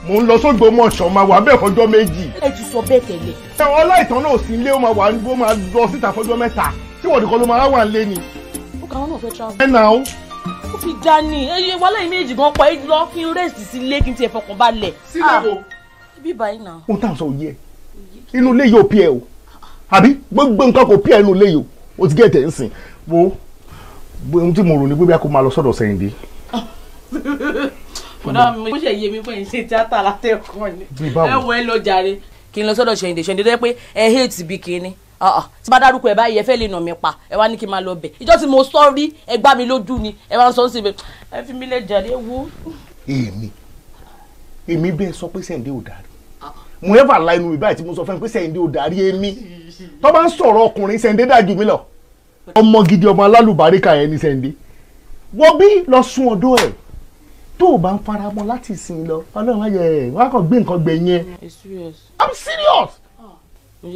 mò ń lọ sógbó mọ̀ṣọ́ máa wà bẹ́ẹ̀ fọjọ́ méjì. ẹ ti sọ bẹ́ẹ̀ tẹ́lẹ̀. ẹ ọláìtàn náà sí ilé ó máa wà ó máa lọ síta fọjọ́ mẹ́ta tí wọ́n nìkan ló máa wà lé ni. ó kà wọ́n náà fẹ́ travel. ẹ nà ó. ó fi da ni ẹyẹ wàhálà yìí méjì gan pa ẹ kí n rẹ́sì sí ilé kí n tiẹ̀ fọkàn balẹ̀. sílẹ̀ ah, o. ibi báyìí nà. ohun táwọn sọ yìí ẹ inú ilé yìí ò pí ẹ o àbí gbogbo nǹkan kò pí ẹ inú ilé yìí o ò ti gé tẹ̀ ń sìn wo ohun tí mo rò ní pé bí a kò máa lọ sọ́dọ̀ Sẹ́yìndé. ọ̀dà mi ó ṣe yé mi pé ń ṣe tíátà látẹ̀kọ́ ni ẹ wọ ẹ lọ jàre kí n lọ sọ́dọ̀ Sẹ́yìndé Sẹ́yìndé tó yẹ pé ẹ hate bí kínní ah, ah. tí bá dárúkọ ẹ báyìí ẹ fẹ́ lè nà mí pa ẹ wá ní kí n máa lọ bẹ̀ ìjọ tí mo sọ rí ẹ gbá mi lójú ni ẹ wá ń sọ síbi ẹ fi mi lẹ jàre wo. èmi èmi bẹ́ẹ̀ sọ pé Sẹ́yìndé ò dárí mo yẹ́ fà láìnú ìbáyìí tí mo sọ fẹ́ pé Sẹ́yìndé ò dárí èmi tó bá ń sọ̀rọ̀ ọmọ gidi ọmọ alálùbáríkà yẹn ní sẹ́ńdé wọ́n bí lọ sún ọdún ẹ̀ tó o bá ń fara mọ́ láti ìsìn lọ ọlọ́run ayẹ ẹ̀ wọ́n á kàn gbé nǹkan gbẹ yẹn. i'm serious. Ah,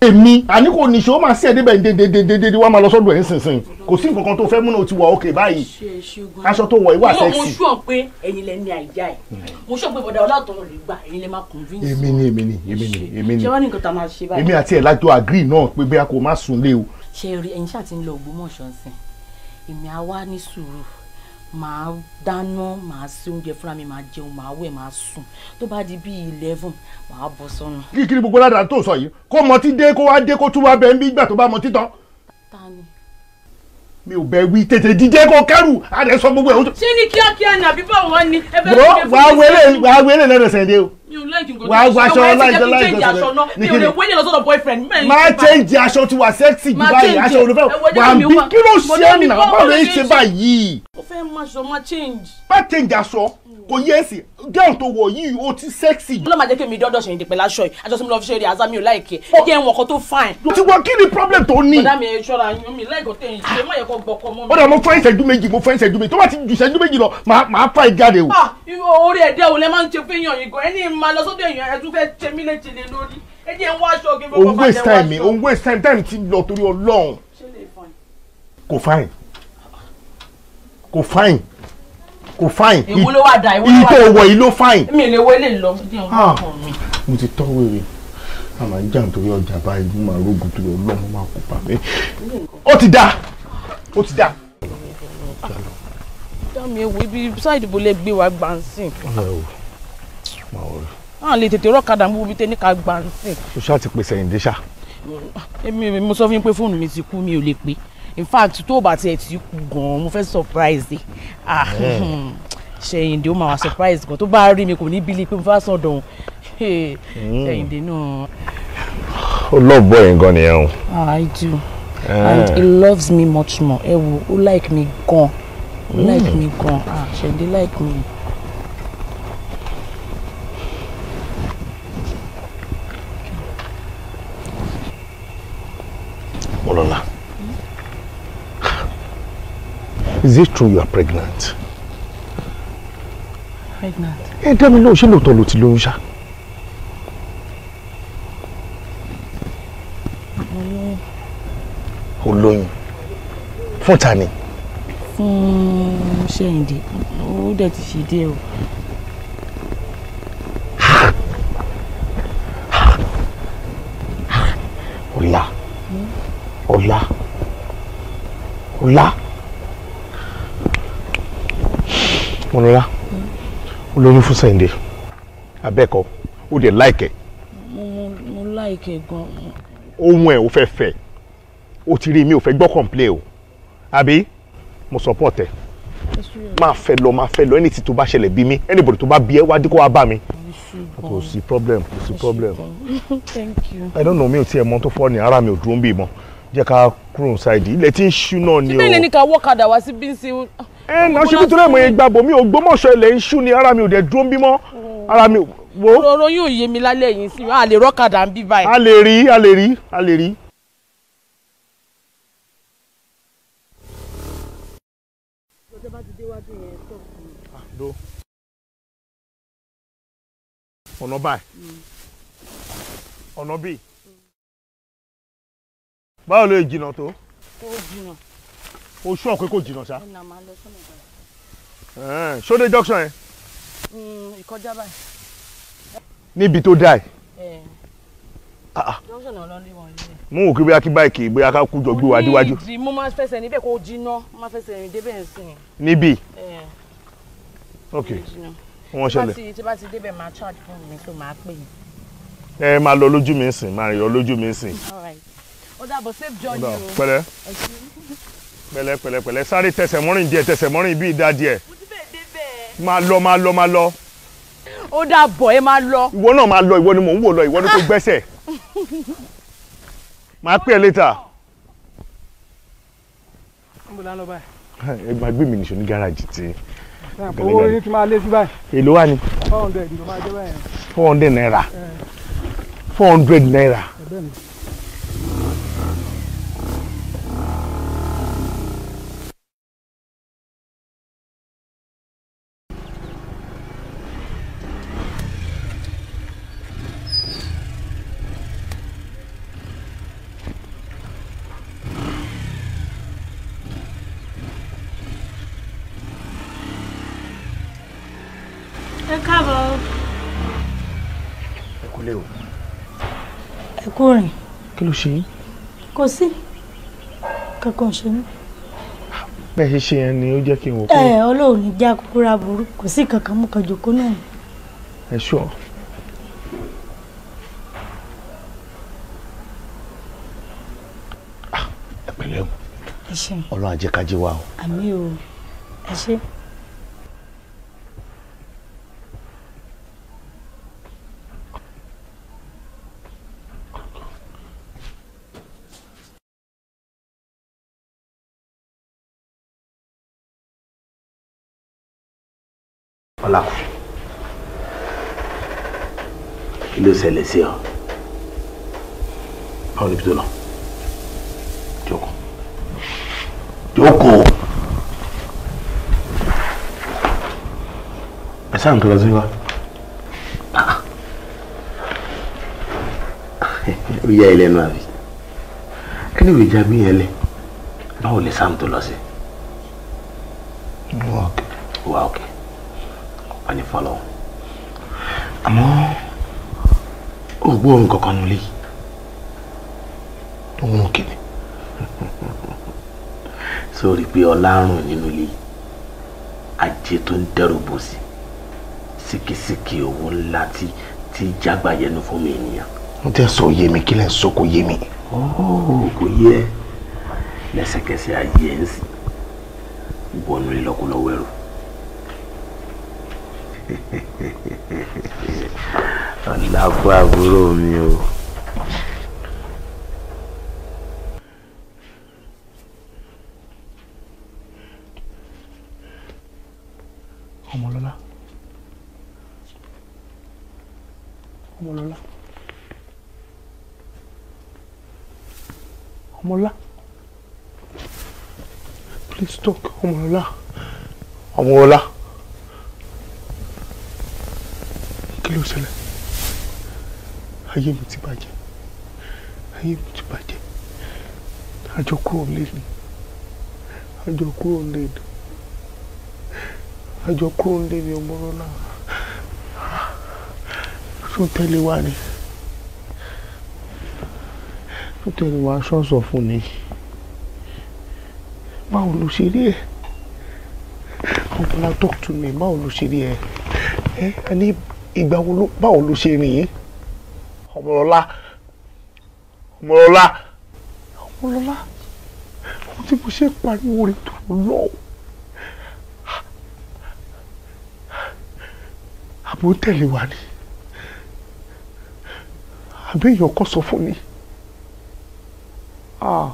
èmi àní kò níṣe ó máa sí ẹ̀dẹ́bẹ̀ dédédédé wọ́n á máa lọ sọ́dọ̀ ẹ̀ ń sìn sìn kò sí nǹkan kan tó fẹ́ múná o ti wà òkè báyìí aṣọ tó wọ̀ ìwà sẹ́ẹ̀sì. mo sọ pé ẹ̀yin lẹ ní àìjá ẹ hmm. mo sọ pé bọ̀dà ọlọ́tọ̀rọ̀ lè gbà ẹ̀yin lẹ máa convince. èmi ni èmi ni èmi ni èmi ni èmi àti ẹ̀ lájọ agree náà pé bí a kò má sùn lé o ṣe rí ẹ̀yin ṣáà ti ń lọ Ògbómọ̀ṣọ́ sìn èmi á wá ní sùúrù màá dáná màá sí oúnjẹ fúnra mi màá jẹun màá wẹ̀ màá sùn tó bá di bíi eleven màá bọ́ sọ́nà. kíkiri gbogbo ládàá tó sọ yìí kó mọtí dé kó wá dé kó tún wá bẹ ń bí ìgbà tó bá mọtí tán. ta ni mi ò bẹ wí tètè dídé kó kẹrù àdé sọ gbogbo ẹ. ṣé ní kíákíá ni àbí báwo ni. bro wà á wẹlé wà á wẹlé lẹ́nu ṣẹ̀ dé o. wà á gbaṣọ láìjọ láìjọ ṣẹlẹ ní kí ni má change aṣọ tí wà sexy jù báyìí aṣọ olùfẹ́ wà á bí kí ló ṣe é nà báwo ló ń ṣe báyìí. o fẹ́ máa ṣọ má change. má change aṣọ kò yẹ́sì gown tó wọ̀ yìí ó ti sexy. ló máa jẹ́ kí èmi dọ́dọ̀ ṣe ìdìpẹ́ láṣọ yìí àjọṣe mi lọ fi ṣe eré àzá mi ò láìkẹ́ kí ẹ̀ wọ̀n kan tó fine. ti wọ kí ni problem tó ní. bọ́dà mi ẹ ṣọ́ra yan mi láìkọ́ tẹ̀ yín ṣe má yẹ kó gbọ́kọ mọ́ mi. bọ́dà mo fẹ́ ìṣẹ́jú méjì mo fẹ́ ìṣẹ́jú méjì tó bá ti ju ìṣẹ́jú méjì lọ màá fà ìjáde o. Ah, orí ẹ̀dẹ́ ò lẹ́ máa ń ṣe fún èèyàn yìí gan ẹni máa lọ sọ́dọ̀ èèyàn ẹ tún fẹ́ ṣe mí létí lé lórí ẹ jẹ́ ń wá aṣọ kí n fọwọ́ bá jẹ́ wá aṣọ. òun waste time time ti lọ torí Ọlọ́run kò fine kò fine kò fine. ìwo ló wà yìí ló fine. mi ò lè wọlé lọ jẹ́ ah, ọmọ mi. mo ti tọ́ wèrè a máa jà nítorí ọjà báyìí mo máa rógun torí ọlọ́mọ máa kó pa mí. ó ti dá ó ti dá. dáàmì ewu ibi ṣáìdì bó lè gbé wa gbàǹsìn. a lè tètè rọ́kadà mú ibi tẹ́ ní ká gbàǹsìn. o ṣáà ti pèsè ìdíṣà. Mm, ah, èmi mo sọ fún yín pé fóònù mi ti kú mi ò lè pè é in fact tó o bá tiẹ̀ ti kú gan-an mo fẹ́ surprise de ah eh. ṣèyìndé ó máa wá surprise gan tó bá rí mi kò ní bílí pé mo fẹ́ sọ̀dọ̀ òun hmm. ṣèyìndé náà. ó love boy yẹn gan nìyẹn o. Ah, I do eh. and he loves me much more ẹ wo ó like me gan ó hmm. like me gan ah ṣèyìndé like me. Ọlọ́lá is it true you are pregnant. pregnant. ẹ tell me, no, she not ló ti lóyún ṣá. o lóyún fún ta ni. fún ṣẹ́yìndé ó dẹ̀ ti ṣe de o. Ola. Ola. Ola. mọ̀lọ́lá olóyún fún Sẹ́yìndé abẹ́ẹ̀kọ́ ó dẹ̀ láìkẹ́. mo láìkẹ́ gan-an. ohun ẹ̀ o fẹ́ fẹ́ o ti rí mi ò fẹ́ gbọ́ complain o àbí mo support ẹ máa fẹ́ lọ máa fẹ́ lọ ẹni tí tó bá ṣẹlẹ̀ bí mi anybody tó bá bí ẹ wá dín kó wá bá mi. kò sí problem kò sí problem. thank you. i don't know mi ò tiẹ̀ mọ tó fọ́ ni ara mi ò dúró ń bì mọ́ jẹ́ ká kúrò ṣáìdì ilẹ̀ tí ń ṣú náà ni o. ṣé bẹ́ẹ̀ ni ká wọ́kadà wá sí bí ń sin ẹ eh, náà ṣe nítorí ẹ̀mọ̀ yẹn gbàgbọ́ mi ò gbọ́mọ̀ṣọ́ ilẹ̀ iṣu ni ara mi ò dẹ̀ dúró ń bímọ mm. ara mi ò wo. ọ̀rọ̀ yóò yé mi lálẹ́ yìí sí a lè rọ́kadà ń bí báyìí. a lè rí a lè rí a lè rí. Ah, ọ̀nà báyìí mm. ọ̀nà bíi mm. báwo ló jìnnà tó. ó jìnnà o ṣú ọ̀pẹ kò jìnnà ṣá. ṣódé junction yẹn. Mm, ìkọjá báyìí. níbi tó dà yìí. mú òkè bóyá kí báyìí bóyá ká kú jọ gbé wa díwájú. mo ní ìdí mo máa fẹsẹ̀ níbẹ̀ kó jiná máa fẹsẹ̀ rìn débẹ̀ sí. níbi. ok wọ́n ṣẹlẹ̀. tí bá ti débẹ̀ máa charge fún mi tó máa pè é ẹ máa lọ lójú mi sìn máa yọ lójú mi sìn. ó dàbọ̀ save journey o pẹ̀lẹ́ pẹ̀lẹ́ pẹ̀lẹ́ sáré tẹsẹ̀ mọ́rìn díẹ̀ tẹsẹ̀ mọ́rìn bíi ìdá díẹ̀. mo ti bẹ̀ débẹ̀. máa lọ máa lọ máa lọ. ó dà bọ̀ ẹ máa lọ. ìwọ náà máa lọ ìwọ ni mò ń wò lọ ìwọ ni kò gbẹ́sẹ̀. máa pè é létà. níbo la mi nìṣó ní gáràjì tí. owó ní kí máa lé sí báyìí. èló wà ní. four hundred ló four hundred naira. four hundred naira. kú rìn. kí ló ṣe yín. kò sí kankan ṣe mí. bẹ́ẹ̀ ṣe ṣe yẹn ni ó jẹ́ kí n wò kó. ẹ eh, ọlọ́run ní já kúkú ra kò sí kankan mú kan jòkó náà. ẹ ṣọ. Ah, ẹ pẹ̀lẹ́ o ọlọ́run àjẹkájẹ wa o. àmì o ẹ ṣe. kí ló ṣẹlẹ̀ sí ọ báwo níbi tó lọ jókòó jókòó ẹ sáà ń tọ́lọ sí wa ó yá ilẹ̀ nù àbí kí ni ìwé jábí yẹn lẹ báwo lè sáà ń tọ́lọ sí. wà á òkè wà á òkè wà á ò gbọ́ ohun kankan nù lé ohun kìíní sórí pé ọlárùn nínú ilé ajé tó ń dẹrù bò sí síkìsíkì owó ńlá tí tí jágbá yẹnu fún mi ènìyàn. n tẹ sọ yé mi kí lẹ ń sọ kò yé mi. kò yé ẹ lẹ́sẹ̀kẹsẹ̀ ayé ẹ ń sìn wọnú ilọkùlọ wẹrù. alákó àbúrò mi o. ọmọlọ́lá ọmọlọ́lá ọmọlọ́lá please talk ọmọlọ́lá ọmọlọ́lá. ayé mi ti bàjẹ́ ayé mi ti bàjẹ́ àjọ kúrò lẹ́nu àjọ kúrò lẹ́nu àjọ kúrò lẹ́nu ọmọ rọ́lá tó tẹ́lẹ̀ wá ni tó tẹ́lẹ̀ wá ṣọ́ọ̀ṣọ̀ fún ni báwo ló ṣe rí ẹ ọ̀pọ̀lọpọ̀ talk to me báwo ló ṣe rí ẹ ẹ ní ìgbà wo báwo ló ṣe rìn yìí ọmọlọ́lá ọmọlọ́lá ọmọlọ́lá ohun tí mo ṣe pariwo rẹ̀ tó lọ. àbò tẹ̀lé wa ni àbẹ́yọ̀ kọ́ sọ fún mi. Ah.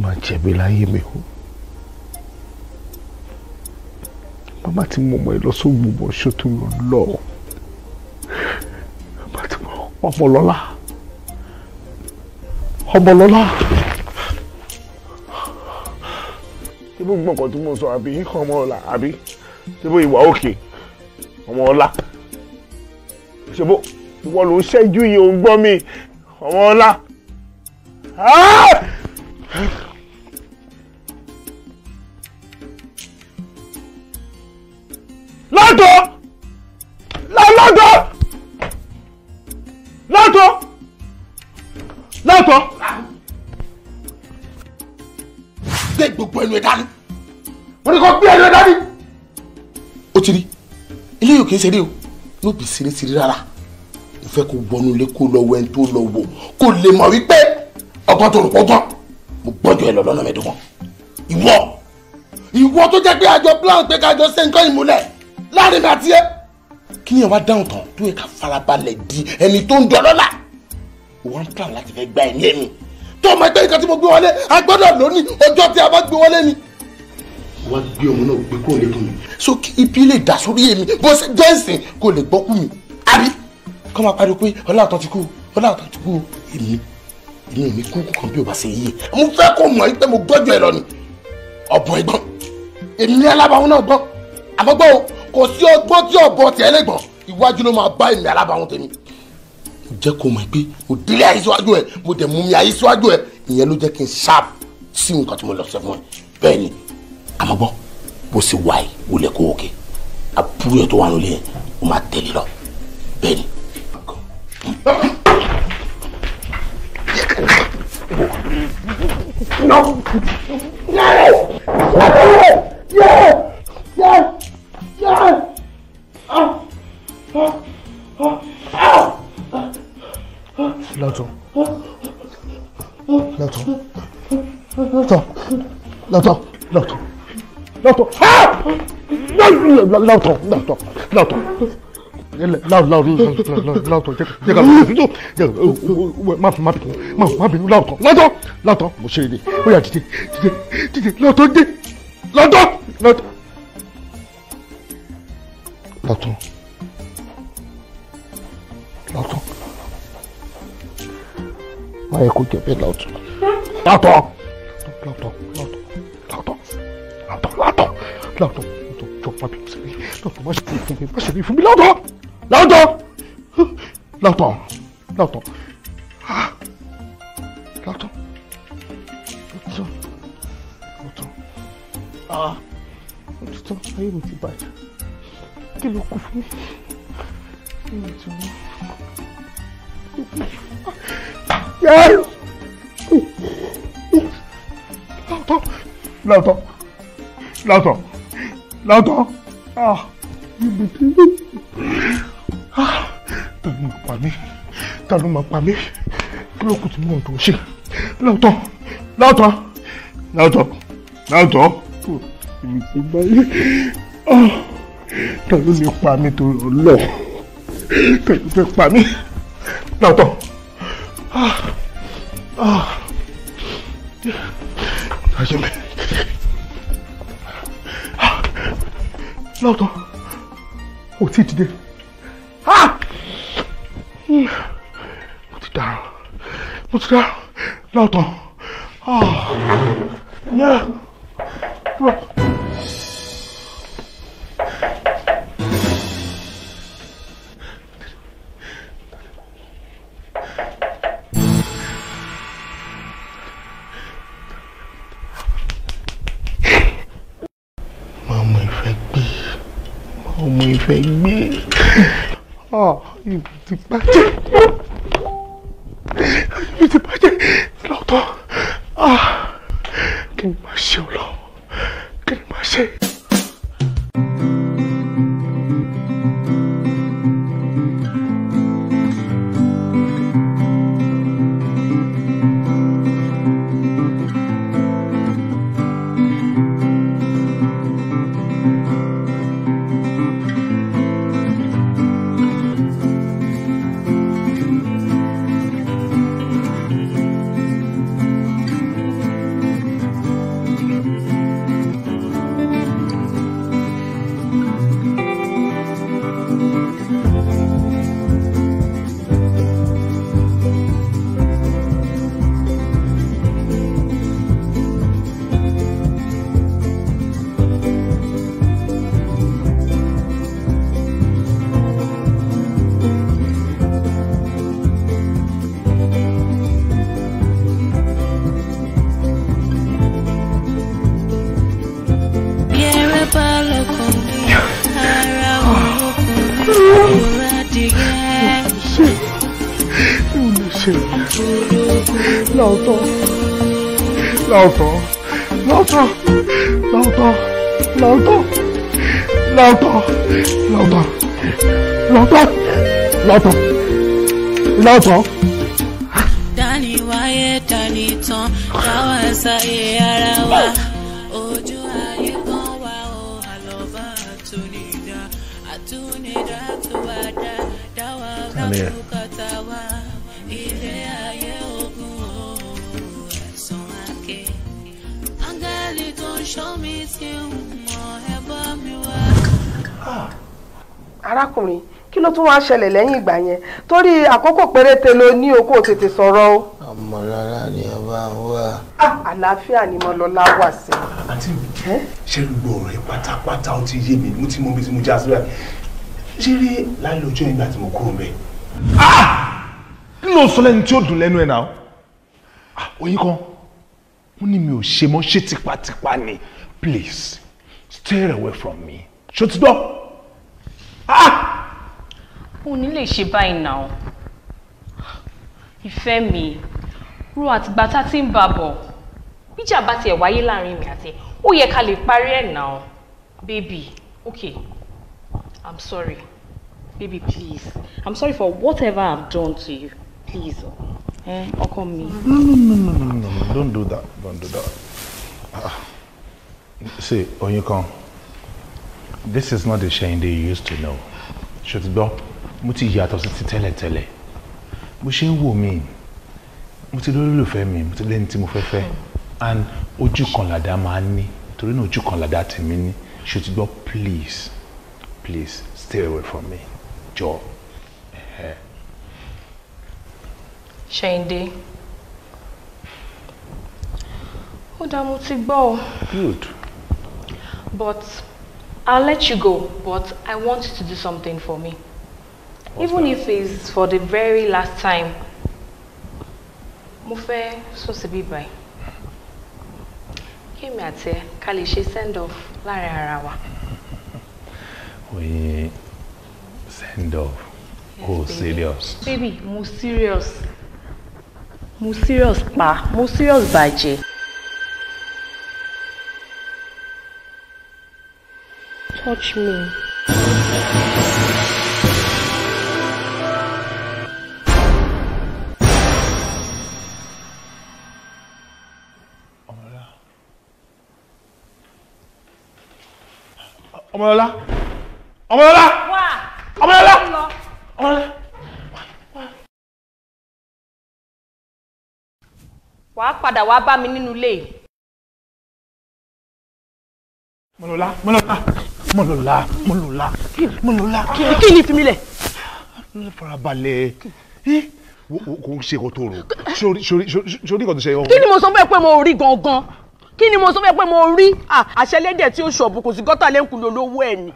mà jẹ̀bi láyé mi o. màmá tí mo mọ̀ ẹ́ lọ sóògbùmọ̀ ṣótó ló ń lọ màmá tí mo ọmọ lọ́lá ọmọ lọ́lá. tí mo gbọ́ nǹkan tí mo sọ àbí ọmọ ọ̀la àbí tí mo ìwà òkè ọmọ ọ̀la ṣe bó wọ́n ló ń ṣẹ́jú yìí ò ń gbọ́ mi ọmọ ọ̀la. Ah! ṣeré o yóò bí ṣeré ṣeré rárá mo fẹ́ kó wọnú ilé kó lọ wẹ́n tó lọ wò kó lè mọ̀ wípé ọgbọ́n tó rò pọ̀ gbọ́n mo gbọ́jọ́ ẹ lọ lọ́nà mẹ́ẹ̀ẹ́dọ́gbọ̀n ìwọ ìwọ tó jẹ́ pé àjọ plan pé kájọ ṣe nǹkan ìmúlẹ̀ láàrin mi àti ẹ kí ni ìwà dáhùn tán tó yẹ ká farabalẹ̀ di ẹni tó ń dọ́lọ́lá wọ́n ń plan láti fẹ́ gba ẹ̀mí ẹ̀mí tó mọ̀ pé nǹkan tí mo gbé wọlé agbọ́dọ̀ lónìí ọjọ́ tí a bá gbé wọlé ni wá gbé ọmọ náà gbé kó lè fún mi so kí ibi lè dà sórí èmi bó ṣe jẹ́ ìsìn kó lè gbọ́kú mi àbí kọ́ máa pariwo pé ọlọ́àtọ̀ ti kú ọlọ́àtọ̀ ti kú èmi èmi ò ní kú kankan bí o bá ṣe yíyẹ mo fẹ́ kó mọ̀ pé mo gbọ́jọ ẹ lọ ni ọ̀bọ̀ ẹ̀gbọ́n èmi alábàáhùn náà gbọ́n àbọ̀gbọ́ o kò sí ọgbọ́n tí ọ̀bọ tiẹ̀ lè gbọ́n iwájú ló máa bá èmi alábàáhùn tèmi mo jẹ́ kó mọ̀ pé òdílé ayé síwájú ẹ̀ mo dẹ̀ mú mi ayé síwájú ẹ̀ ìyẹn ló jẹ́ kí n ṣáàpù sí nǹkan tí mo lọ sọ fún ẹ bẹ́ẹ̀ ni àmọ́ gbọ́ bó ṣe wà yìí wulẹ̀ kó òkè àbúrò ẹ̀ tó wà lólè yẹn ó máa tẹ̀lé lọ bẹ́ẹ̀ ni. No! No! No! Yeah! Yeah! lọ́tọ̀ lọ́tọ̀ lọ́tọ̀ lọ́tọ̀ láwùtọ̀ jẹ́ ká má fi má bínú má fi lọ́tọ̀ lọ́tọ̀ lọ́tọ̀ lọ́tọ̀ lọ́tọ̀ lọ́tọ̀ lọ́tọ̀ lọ́tọ̀ lọ́tọ̀ lọ́tọ̀ lọ́tọ̀ láwùjọ jọ má bínú sí mi láwùjọ má ṣe fún mi má ṣe fún mi láwùjọ láwùjọ láwùjọ láwùjọ láwùjọ láwùjọ láwùjọ òtútọ́ ayé mi ti bàjẹ́ kí ló kù fún mi kí ló ti mú yẹ́rù láàtọ̀ láàtọ̀ láàtọ̀ lọ́tọ̀ ibi ah, tí ah, tàló máa pa mí tàló máa pa mí kí ló kù tí mò ń tó ṣe lọ́tọ̀ lọ́tọ̀ lọ́tọ̀ lọ́tọ̀ Ah. kò tí ì dìde mo ti dàrú mo ti dàrú lọ́tọ̀. Ah. Láòtọ́ Láòtọ́ Láòtọ́ Láòtọ́ Láòtọ́ Láòtọ́ Láòtọ́ Láòtọ́ Láòtọ́ Láòtọ́. Tani arákùnrin kí ló tún wá ṣẹlẹ̀ lẹ́yìn ìgbà yẹn torí àkókò péréte ló ní o tètè sọ̀rọ̀ o. ọmọ rárá ni ọba ń wà. Ah, àlàáfíà ni mo lọ́lá wà sí. àǹtí mi ṣé gbogbo ọ̀rọ̀ pátápátá ó ti yé mi mo ti mọ ibi mo já sí rẹ̀ ṣé rí lálẹ́ ọjọ́ ìgbà tí mo kúrò mẹ́. nínú ah! sọ lẹ́ni tí ó dùn lẹ́nu ẹ̀ náà ah, oyin kan ó ní mi ò ṣe mọ́ ṣé tipátipá ni please stay away from me ṣó ti dọ́ o ní lè ṣe báyìí náà ìfẹ́ mi ro àtìgbà tá a ti ń bá bọ̀ bíjà bá tiẹ̀ wáyé láàrin mi àti ó yẹ ká lè parí ẹ̀ náà baby okay i'm sorry baby please i'm sorry for whatever i've done to you please eh, ọkọ mi. no no no no no no don't do that don't do that ah see ah. oyin kan this is not the Ṣẹ́yìndé you used to know ṣùtúgbọ́ mo ti yàtọ̀ sí ti tẹ́lẹ̀tẹ́lẹ̀ bó ṣe ń wò mí mo ti lórí olùfẹ́ mi mo ti lẹ́ni tí mo fẹ́ fẹ́ and ojú kan làdá máa ń ní torí náà ojú kan làdá tèmi ní ṣùtúgbọ́ please please stay away from me jọ. Ṣẹ́yìndé ó dá mo ti gbọ́ ọ. good. but I'll let you go, but I want you to do something for me. What's Even that? if it's for the very last time. Mo so sọ́sẹ̀ bí báyìí. Kémi àti ẹ ká send off láàrin ara wa. Oye send off. Yes, oh baby. serious. Baby mo serious. Mo serious pa mo serious bàjẹ́. touch me. Ọmọlọ́lá. Ọmọlọ́lá. Ọmọlọ́lá. Ọmọlọ́lá. Wà á padà wá bá mi nínú ilé. Ọmọlọ́lá. Ọmọlọ́lá mo lò la mo lò la mo lò la. kí ni fimilẹ. farabalẹ̀ kò ń ṣe kò tó rò sórí kò tó ṣe kí ni mo sọ fún ẹ pé mo rí gangan kí ni mo sọ fẹ́ pé mo rí ah, àṣẹlédè tí ó ṣọ̀bù kò sí gọ́tà lẹ́kùn lólówó ẹ̀ ni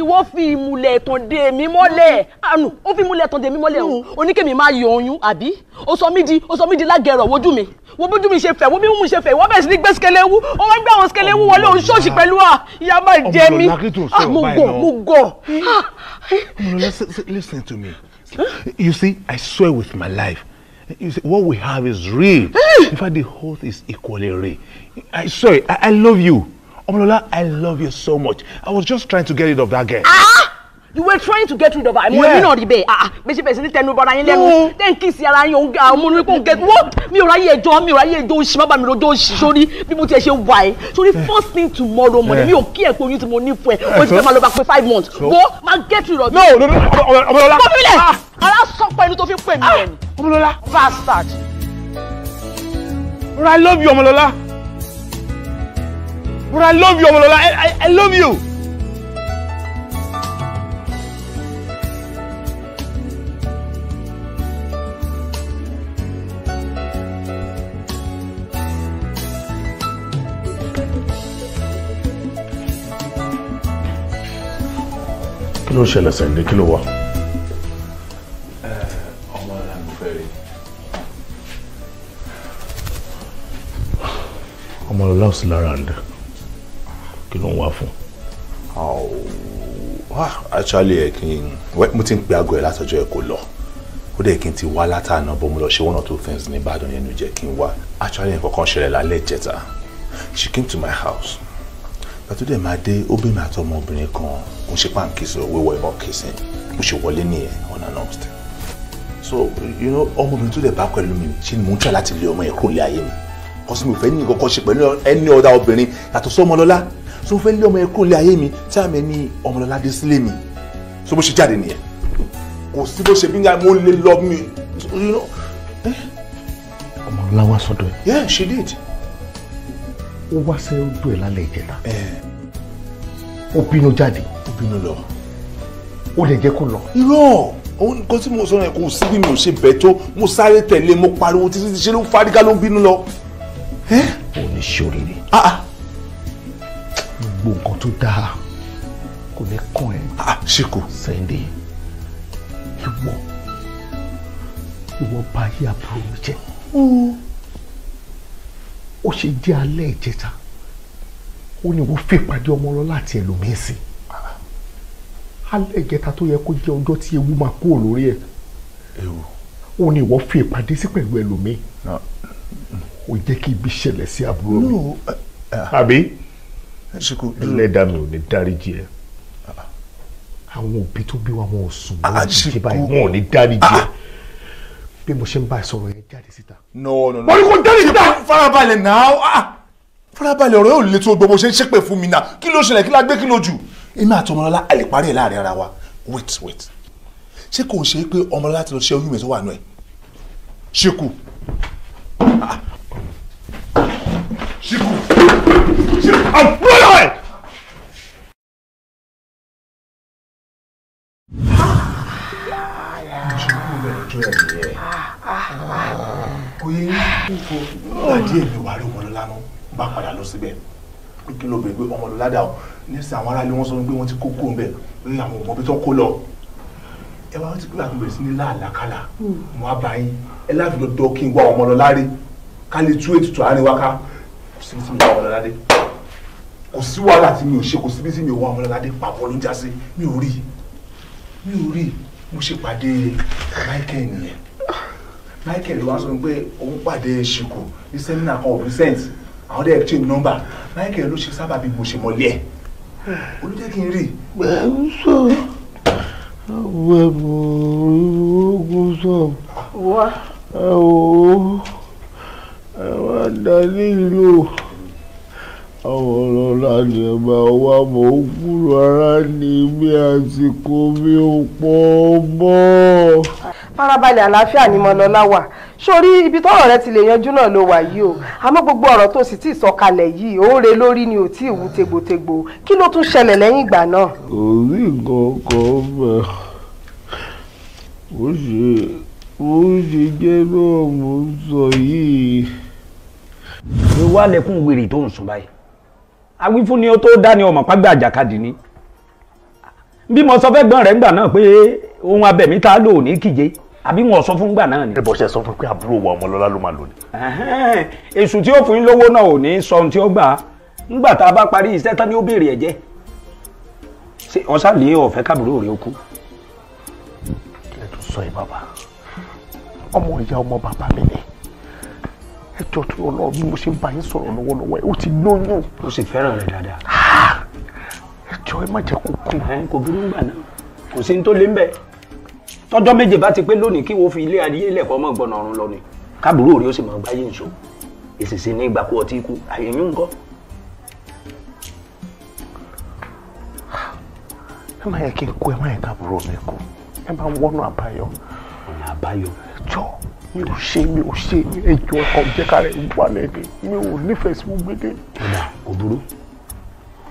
ìwọ fi ìmùlẹ̀ ìtàn dè mí mọ́lẹ̀ àánú ó fi ìmùlẹ̀ ìtàn dè mí mọ́lẹ̀ o hmm. oníkèmí máa yọ oyún àbí ó sọ mí di ó sọ mí di lágẹ̀rọ̀ wojú mi wo bójú mi ṣe fẹ̀ wo bí mo ṣe fẹ̀ ìwọ bẹ̀rẹ̀ sí ní gbé skelewu ó wá gbé àwọn skelewu wọlé òun ṣọ́ọ̀ṣì ah. pẹ̀lú à ah, ìyá máa jẹ mi mo gọ̀ mo gọ̀. listen to me you see I swear with my life You see, what we have is real. Eh! In fact, the whole is equally real. I sorry, I, I love you. Omolola, I love you so much. I was just trying to get rid of that girl. Ah! you were trying to get rid of her. mo èmi náà rí bẹ́ẹ̀ ah méjì ah. bẹ̀rẹ̀ sí ní tẹnu bọ́ra yín lẹ́nu then kiss ara yín òun àwọn ọmọ oníkó get what mi ò ráyè ẹjọ́ mi ò ráyè ẹjọ́ oṣù má bàa mi rojọ́ oṣù sórí bí mo tiẹ̀ ṣe wà ẹ́ sórí first thing tomorrow morning mi ò kí ẹ̀ pé oyún tí mo ní fún ẹ o ti fẹ́ lọ bá pé five months bó máa get rid of you. no no no ọmọlọlá. kọ́mílẹ̀ ah! ara sọ́pọ̀ ẹni tó fi pè mí ah! ẹ̀ ni. ọmọlọlá. bastard. I love you ọmọlọlá. I love you ọmọlọlá I, I love you. ló ṣẹlẹ̀ sẹ́yìndé kí ló wà. ọmọ rẹ mo fẹ́ rí. ọmọ rẹ láwùsí lára ǹdẹ kí ló ń wá fún. actually ẹ kí n mo ti ń pe aago ẹ látọjọ́ ẹ kò lọ ó dẹ̀ kí n ti wá látàná bó mo lọ ṣe one or two things ní Ìbàdàn yẹn nu jẹ́ kí n wá actually nǹkan kan ṣẹlẹ̀ lálẹ́ ìjẹta she came to my house pàtó dẹ̀ máa dé ó bèmí àtọmọbìnrin kan mo ṣe pàǹkì sí owó ìwọ kìsìn mo ṣe wọlé nìyẹn unannounced so you know ọmọbìnrin tó dẹ̀ bá pẹ̀lú mi ṣe ni mo ń tọ́ láti lé ọmọ yẹn kúrò lé ayé mi kò sí mi ò fẹ́ ní kọ́kọ́ ṣe pẹ̀lú ẹni ọ̀dà obìnrin yàtọ̀ sí ọmọlọ́lá so mo fẹ́ lé ọmọ yẹn kúrò lé ayé mi tí àmì ẹni ọmọlọ́lá dé sílé mi so bó ṣe jáde nìyẹn kò sí bó ṣe bí nga mo lè lọ mi you know. Eh? ọmọlọ́lá wá sọ́dọ̀ ẹ̀. yeah she did ó wá sẹ́ńtò ẹ̀ lálẹ́ ìjẹta ó bínú jáde ó bínú lọ ó lè jẹ́ kó lọ. irọ́ òun nǹkan tí mo sọ yẹn kò sí bí mi ò ṣe bẹ̀ tó mo sáré tẹ̀lé mo pariwo títí ṣe ló ń fárígá ló ń bínú lọ. ò ní ṣoríire ah, ah. gbogbo nǹkan tó dáa kò ní kàn ẹ́. Ah, ṣé kò. Sunday ìwọ ìwọ bá àbúrò mi jẹ ó ṣe jẹ́ alẹ́ ìjẹta ó ní wọ́n fèpàdé ọmọ ọlọ́ láti ẹlòmíín sí alẹ́ ìjẹta tó yẹ kó jẹ́ ọjọ́ tí ewu máa kúrò lórí ẹ̀ ó ní wọ́n fèpàdé sí pẹ̀lú ẹlòmíín ó jẹ́ kí ibi ṣẹlẹ̀ sí àbúrò mi àbí ẹlẹ́dàá mi ò ní dáríjì ẹ ah. àwọn òbí tó bí wa wọn ò sùn ah, wọn ò ní dáríjì ẹ. Ah bí mo ṣe ń bá ẹ yẹn jáde síta. no no no ní kò jáde síta. farabalẹ̀ náà ah, ah. farabalẹ̀ ọ̀rọ̀ yóò le tó gbogbo ṣe ń ṣépè fún mi náà kí ló ṣẹlẹ̀ kí la kí ló jù. èmi àti ọmọlọ́lá àlè parí ẹ̀ láàrin ara wa wait wait ṣé kò ń ṣe pé ọmọlọ́lá ti lọ ṣe oyún mi tó wà nù ẹ̀ ṣíkù ah, ṣíkù ṣíkù àbúrò ẹ̀. Ah ah ah. yẹ yín kó nígbà díẹ̀ mi wà rí wọn lánàá bá padà lọ síbẹ̀ kí ló bèrè pé ọmọ ló ládàá o nísìnyí àwọn aráàlú wọn sọ pé wọn ti kó kó ń bẹ ní àwọn ọmọ bí tó kó lọ ẹ wá ti gbàgbé bẹ̀rẹ̀ sí ní láàlákàlà hmm. mo á bá yín ẹ láti lọ dọ́ kí n wá ọmọ lọ láre ká lè tú ètùtù àárín wa ká kò sí tí mi wá ọmọ lọ láre kò sí wàhálà tí mi ò ṣe kò síbi tí mi ò wá ọmọ lọ láre pàbọ ló ń já sí mi ò rí mi ò rí mo ṣe pàdé Michael nìyẹn Michael wá sọ pé òun pàdé ṣìkò ní sẹ́mínà kan of recent àwọn dẹ̀ ṣe nọ́mbà Michael ló ṣe sábà bí mo ṣe mọ̀lẹ́ ẹ̀ olùjẹ́ kí n rí. bẹ́ẹ̀ ń sọ àwọn ẹ̀bùn sọ. wá. ẹ wò ó ẹ wá dá nílò àwọn ọlọ́lá ni ọba wa mọ̀ ó kúrò ara ní ibi àsìkò mi ò pọ̀ bọ́. farabalẹ̀ àlàáfíà ni mọ̀lọ́lá wà sórí ibi tọ́rọ̀ rẹ ti lè yanjú náà ló wà yìí o àmọ́ gbogbo ọ̀rọ̀ tó sì ti sọ̀kalẹ̀ yìí òóre lórí ni ò tí ì wú tegbòtegbò kí ló tún ṣẹlẹ̀ lẹ́yìn ìgbà náà. kò rí nǹkan ó ṣe ó ṣe jẹ́ náà mò ń sọ yìí. mi wá lẹkùn wèrè tó ń sùn báyìí awífún ni ó tó dá ní ọmọ pàgbà àjàkadì ni bí mo sọ fẹ́ gbọ́n rẹ̀ ńgbà náà pé ohun abẹ̀mí tá a lò ní kíje àbí wọn sọ fún gbà náà ni. ẹbọ ṣe sọ fún pé àbúrò wa Ọmọlọ́lá ló máa lò ní. èṣù tí ó fún yín lówó náà ò ní sọ ohun tí ó gbà ńgbà tá a bá parí iṣẹ́ tán ni ó béèrè ẹ̀jẹ̀ ṣé ọ̀sàlẹ̀ ọ̀fẹ́ kábùrò rẹ̀ ó kú. kí ẹ tún sọ yìí bàbá ọmọ ìyá ọmọ bàbá mi ni ẹ jọ tó Ọlọ́run bí mo ṣe bá yín sọ̀rọ̀ lọ́wọ́lọ́wọ́ ó ti lóyún. ó sì fẹ́ràn rẹ̀ dáadáa. Ah! ẹ jọ ẹ má jẹ́ kó kún. kò burú gbà náà kò sí ní tó lé ń bẹ tọ́jọ́ méje bá ti pé lónìí kí wọ́n fi ilé ayé lẹ̀kọ́ mọ́ gbọ́nà ọ̀run lọ ni kábùrú òrí ó sì máa gbáyé nìṣó èsìsì ní ìgbà kú ọtí ikú àyẹ̀yún nǹkan. ẹ má yẹ kí n kú ẹ má yẹ kábùrú mi kú ẹ má wọnú àbáyọ. ọ̀nà àbáyọ. jọ mi ò ṣe mi ò ṣe ẹjọ́ ọkọ jẹ́ka rẹ̀ wálẹ̀ ni mi ò nífẹ̀ẹ́ sí gbogbo dé. kódà kò burú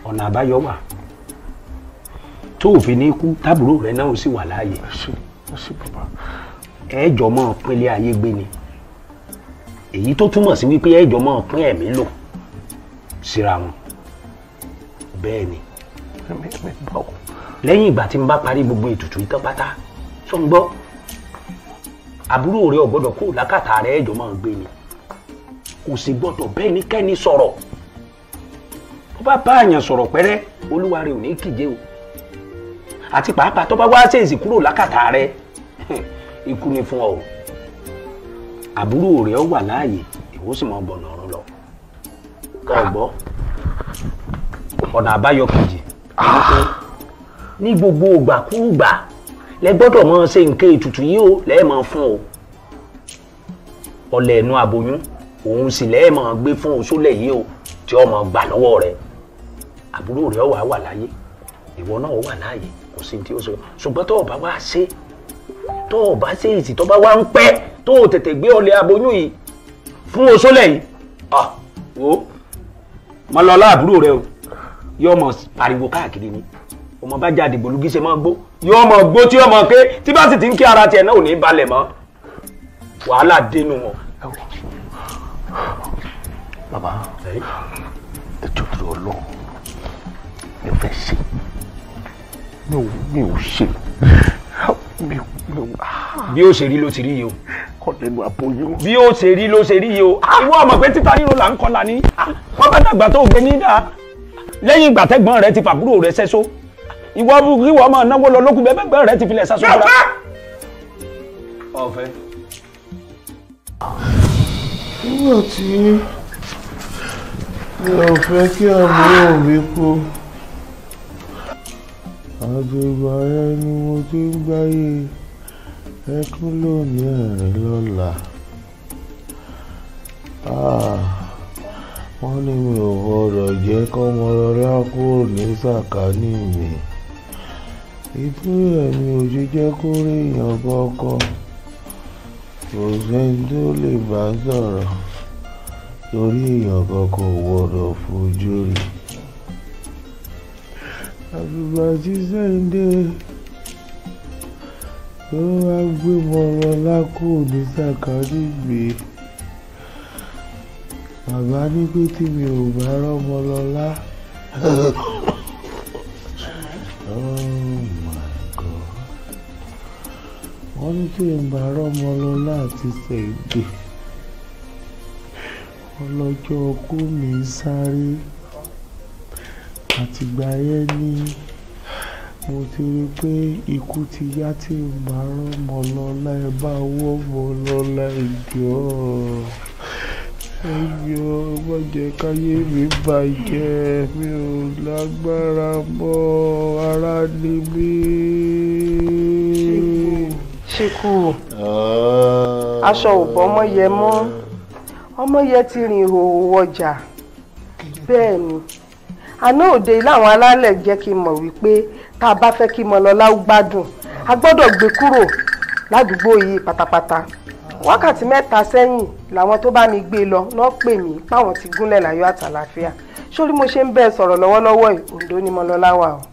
ọ̀nà àbáyọ wà tó o fi ní kú tábùrò rẹ náà ó sì wà láàyè. ẹ ṣe bàbá. ẹ jọ mọ pínlẹ ayé gbé ni èyí tó túmọ̀ sí wípé ẹ jọ mọ pín ẹ̀mí lò síra wọn bẹ́ẹ̀ ni lẹ́yìn ìgbà tí n bá parí gbogbo ètùtù ìtàn pátá ń gbọ́ àbúrò rẹ ò gbọ́dọ̀ kó làkàtà rẹ ẹjọ máa gbé ni kò sì gbọ́dọ̀ bẹ́ẹ̀ ní kẹ́ni sọ̀rọ̀ tó bá bá àyàn sọ̀rọ̀ pẹ́rẹ́ olúwa rẹ ò ní kíje o àti pàápàá tó bá wá ṣèṣì kúrò làkàtà rẹ ikú ni fún ọ o àbúrò rẹ wà láàyè ìwọ sì máa bọ̀nà ọ̀run lọ kọ́ ọ gbọ́ ọ̀nà àbáyọ kejì ah. ní gbogbo ògbàkúùgbà lẹ gbọ́dọ̀ mọ ṣe nǹkan ètùtù yìí o lẹ́ẹ̀mọ fún o ọlẹ̀ ẹ̀nu àbòyún òun sì lẹ́ẹ̀mọ gbé fún oṣólẹ̀ yìí o tí ọmọ gbà lọ́wọ́ rẹ̀ àbúrò rẹ̀ wà wà láyé ìwọ náà wà láàyè kò sí ti ó sọ ṣùgbọ́n tó o bá wá ṣe tó o bá ṣe èsì tó bá wá ń pẹ́ tó o tètè gbé ọlẹ̀ àbòyún yìí fún oṣólẹ̀ yìí ah wo mọ lọ láàbúrò rẹ o yóò mọ pariwo káàkiri ni ọmọ bá jáde gbòlúgí ṣe máa gbó yóò mọ gbó tí yóò mọ ké tí bá sì ti ń kí ara tiẹ̀ náà ò ní balẹ̀ mọ́ wàhálà dénú wọn. bàbá ètò ìdúró ọlọ́run mi ò fẹ́ ṣe mi ò ṣe ah. bí ó ṣe rí ló ti rí yìí o. kọ́ndẹ̀nù àbóyún. bí ó ṣe rí ló ṣe rí yìí o. àwọn ah, ọmọ pé títa ríro là ń kọ́ la ní. Ah, wọ́n bá dàgbà tó gbé ní dáa. lẹ́yìn ìgbà tẹ́gbọ́n rẹ ti fàbúrò rẹ sẹ́só ìwọ ìwọ ọmọ náwó lọ lókùn bẹ́ẹ̀ bẹ́ẹ̀ rẹ ti filẹ̀ sá sókúra. nígbà tí mi ò fẹ́ kí àbúrò mi kú àjọba ara ni mo ti ń gbáyé ẹkún lónìí ẹ̀rín lọ́la ah, wọ́n ní mi ò gbọ́dọ̀ jẹ́ kọ́mọlọ́lá kúrò ní sàkání mi ìbúrò mi ò ṣe jẹ́ kó réèyàn kọ́kọ́ kò sẹ́ni tó lè bá sọ̀rọ̀ torí èèyàn kọ́kọ́ gbọ́dọ̀ fojú rí àgbègbè àti sẹ́ńdẹ̀ tó wá gbé wọn lọ lákò ní sàkárì gbé bàbá ní pé tí mi ò bá rọ́mọ lọ́lá wọ́n ní tí n bá rọ́mọ lọ́lá àti ṣègbè ọlọ́jọ́ ọkú mi sáré àtìgbà yẹn ni mo ti rí i pé ikú ti yá tí n bá rọ́mọ lọ́lá ẹ bá wọ́ mọ lọ́lá ìjọ ẹyọ má jẹ́ káyé mi bàjẹ́ mi ò lágbára mọ́ ara ni mí ṣíkú ah. aṣọ òbọ ọmọ yẹ mọ ọmọ yẹ ti rìn ìhòòhò ọjà bẹ́ẹ̀ ni àná òde láwọn alálẹ̀ jẹ́ kí n mọ̀ wípé tá a bá fẹ́ kí Mọ́lọ́lá ó gbádùn a gbọ́dọ̀ gbé kúrò ládùúgbò yìí pátápátá wákàtí mẹ́ta sẹ́yìn làwọn tó bá mi gbé lọ náà pè mí páwọn ti gúnlẹ̀ láyọ̀ àtàlàáfíà sórí mo ṣe ń bẹ́ẹ̀ sọ̀rọ̀ lọ́wọ́lọ́wọ́ yìí Oǹdó ni Mọ́lọ́lá wà o.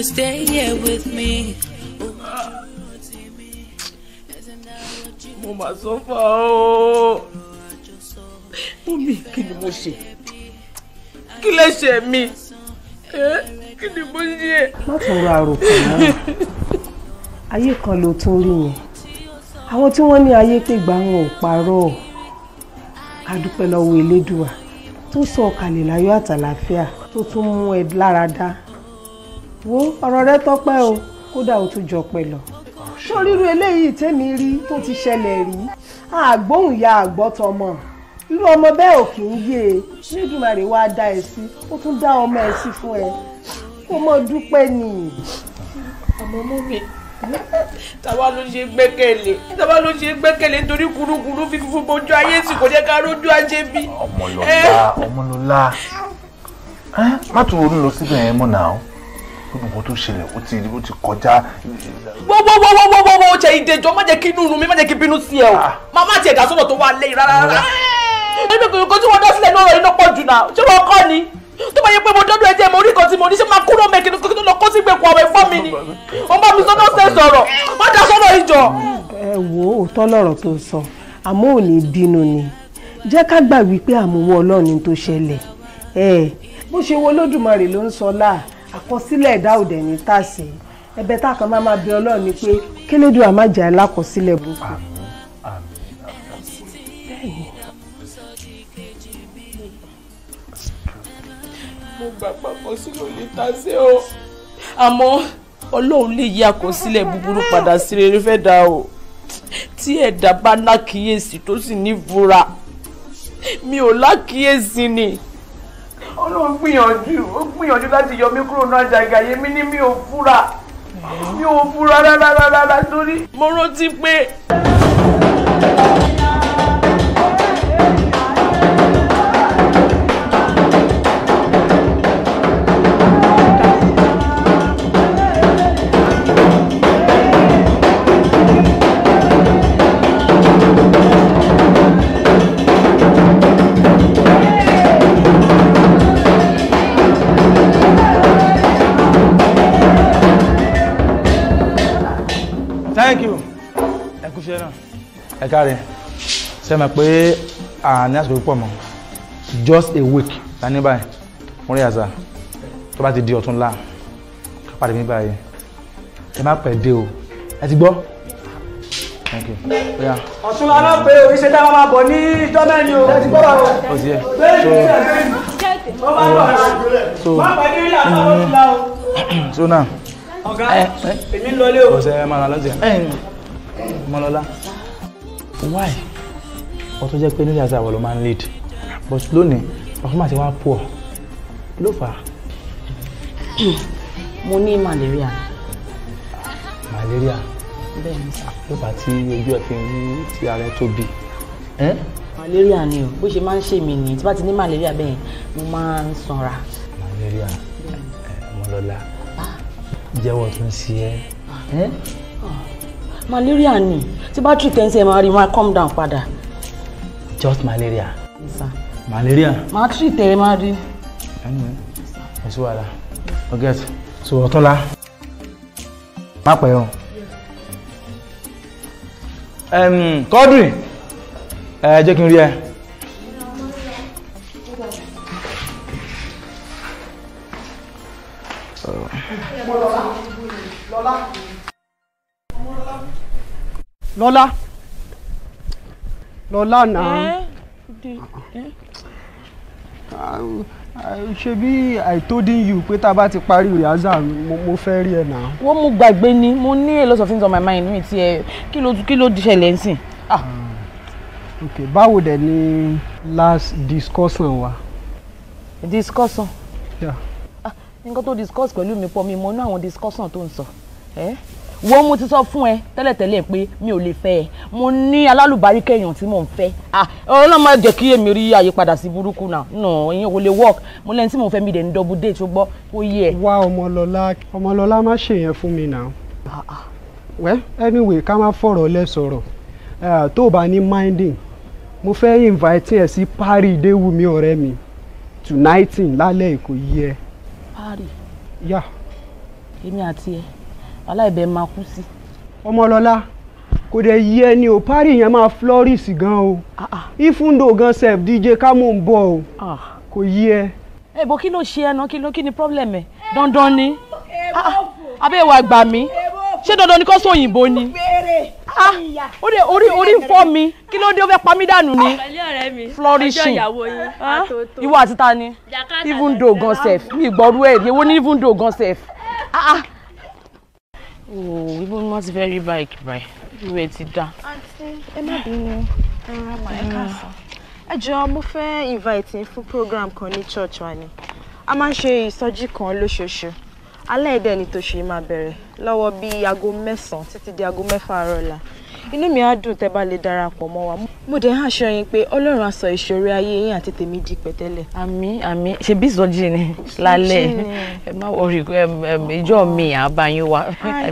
would stay here with me. mo mà sọ́fà o mọ́mí kí ni mo ṣe kí lè ṣe mí kí ni mo ṣe. má tún ra àròkàn náà ayé kan ló tún rí yẹn àwọn tí wọ́n ní ayé pé gbà wọn ò parọ́ a elédùà tó sọ ọ̀kàlẹ̀ láyọ̀ àtàlàfíà tó tún mú ẹ lára dá wo ọ̀rọ̀ rẹ tọ́pẹ́ o kódà o tún jọ pẹ̀lọ̀ sóríru eléyìí tèmi rí tó ti ṣẹlẹ̀ rí àgbóhùn ya àgbọ́tọmọ irú ọmọ bẹ́ẹ̀ ò kì í yé e nídùmarè wá dá ẹ sí ó tún dá ọmọ ẹ sí fún ẹ kó mọ dúpẹ́ nìyí. àmọ́ mú mi tàwa ló ṣe gbẹ́kẹ̀lé tàwa ló ṣe gbẹ́kẹ̀lé nítorí kurukuru fífi fún bojú ayé sì kò jẹ́ ká rójú ajé bí. ọmọlọlá eh. ọmọlọlá eh, má tún ronú lọ síbẹ̀ yẹn mọ́ náà gbogbo tó ṣẹlẹ̀ ó ti ó ti kọjá. wọ́wọ́wọ́wọ́wọ́ ṣe ìdèjọ́ má jẹ́ kí inú mi má jẹ́ kí bínú sí ẹ o ah. má má tiẹ̀ dá sọ̀rọ̀ tó wà lẹ́yìn rárá. ẹni kò tí wọ́n dọ́ sílẹ̀ lọ́rọ̀ iná pọ̀ jù náà ṣé wọ́n kọ́ ni tó bá yẹ pé mo dọ́dọ̀ ẹ jẹ́ mo rí nǹkan tí mo ní ṣe máa kúrò mẹ́kì kí ló kó sí gbẹ̀kú àwọn ẹ̀fọ́ mi ni mo bá mi sọ́dọ̀ ṣe sọ̀rọ̀ má dá sọ́dọ̀ ìjọ. ẹ wo òótọ́ lọ̀rọ̀ tó sọ àmọ́ ò ní bínú ni jẹ́ ká gbà wípé àmúwọ́ ọlọ́run tó ṣẹlẹ̀ ẹ bó ṣe wo lódùmarè ló ń sọ láà àkọsílẹ̀ ẹ̀dá òdẹ ní tàṣe ẹ̀bẹ̀ tá a kan máa máa bẹ Ọlọ́run ni pé kílódé àmà jà ẹ lákọsílẹ̀ burúkú. mo gbà papọ̀ sínú lè tàṣe o àmọ́ Ọlọ́run lè yí àkọsílẹ̀ búburú padà sí rere fẹ́ dá o tí ẹ̀dá bá lákìyèsí tó sì ní ìfura mi ò lákìyèsí ni ọlọ́run gbìyànjú ó gbìyànjú láti yọ mí kúrò náà jàgà yé mi ní mi ò fura mi ò fura rárá rárá torí mo rántí pé. ẹ káre ṣe mọ̀ pé àní àsìkò púpọ̀ mọ́ just a week la ní báyìí mo rí àṣà tó bá ti di ọ̀tún la ká pàdé mi báyìí ẹ má pẹ́ dé o ẹ ti gbọ́. ọ̀tún la náà pé òní ṣe tá a máa bọ̀ ní ìjọ náà o ẹ ti gbọ́ wa o. ó ti yẹ so so so náà. ọ̀gá èmi ń lọlé o. ọ̀sẹ̀ máa lọ sí ẹ̀ máa why wọ́n tún jẹ́ pé nílẹ̀ àti àwọn ló máa ń lead but lónìí ọkọ máa ti wá pọ̀ ló fà á. mo ní malaria. malaria ló fà á tí ojú ẹ̀ fi ń ti ara tóbi. malaria ni o bó ṣe máa ń ṣe mí nìyí tí bá ti ní malaria bẹ́ẹ̀ mo máa ń sanra. malaria ọmọlọ́lá ah. jẹ́wọ́ tó ń ṣe ẹ́ malaria ni tí bá treat ẹnsẹ̀ máa rí máa calm down padà. just malaria. malaria. máa treat ẹ máa rí. ẹ sí wàhálà forget so ọ̀túnla má pẹ́ o. kọ́dùn ẹ jẹ́ kí n rí ẹ. Lọ́lá Lọ́lá náà eh? ah, ṣe bí I told you pé tá a bá ti parí rìhásà mo fẹ́ rí ẹ̀ náà. wọ́n mú gbàgbé ni mo ní a lot of things on my mind mi ti ẹ kí ló kí ló ṣẹlẹ̀ ń sìn. Ah, ok báwo dẹ̀ ni last discussion wa. discussion. Ah, nǹkan tó discuss pẹ̀lú mi pọ̀ mi mo ní àwọn discussion tó ń sọ. Eh? wo mo ti sọ fún ẹ tẹ́lẹ̀tẹ́lẹ̀ pé mi ò lè fẹ́ ẹ mo ní alálùbárí kẹyàn tí mò ń fẹ́ ah, ọlọ́mọ jẹ́ kí èmi rí àyípadà sí burúkú náà nà ìyẹn kò lè work mo lẹ́ni tí mo fẹ́ mi dẹ̀ ń double date tó gbọ́ kó yẹ. wá ọmọlọlá ọmọlọlá má ṣe yẹn fún mi náà. Ah, ah. well anyway ká má fọ̀rọ̀ lẹ sọ̀rọ̀ tó o bá ní minding mo fẹ́ invite ẹ sí parí ìdéwùmí ọ̀rẹ́ mi tonight lálẹ́ èkó yẹ. parí. yà. èmi àti ẹ aláìbẹ máa kú sí. ọmọlọlá kò dẹ̀ yí ẹni ò parí yẹn máa flourish gan o ah, ah. ifundo gan sef dj kamo ń bọ̀ o ah. kò yí ẹ. ẹ eh, bọ kí ló ṣe ẹnu kí ló kí ni problem ẹ dandan ni abẹ́ ìwà gbà mí ṣé dandan ni kò sọ òyìnbó ni ó dé orí orí ń fọ́ mi kí ló dé ó fẹ́ pa mí dànù ni flourishing ìwọ àti ta ni even though gan sef mi gbọ́rú ẹ̀ èwo ni even gan sef. Oh, ibo ni very ti fẹ́ rí báyìí báyìí Auntie, I'm not being. ẹ má bínú ẹ ràn for ẹ káàsán ẹ jọ̀ọ́ mo fẹ́ invite yín fún program kan ní church wa ni a máa ń ṣe ìsọjí kan lóṣooṣù alẹ́ ẹ̀dẹ̀ ni tòṣì máa bẹ̀rẹ̀ lọ́wọ́ bíi aago mẹ́sàn-án títí di aago inú mi á dùn tẹ́ bá lè darapọ̀ mọ́ wa mo dẹ̀ hàn ṣọ yín pé ọlọ́run á sọ ìṣòro ayé yín àti tèmi di pẹ̀tẹ́lẹ̀. àmín àmín ṣe bí ìsọjí ni lálẹ́ ẹ má wọrí ìjọ mi àbáyín wa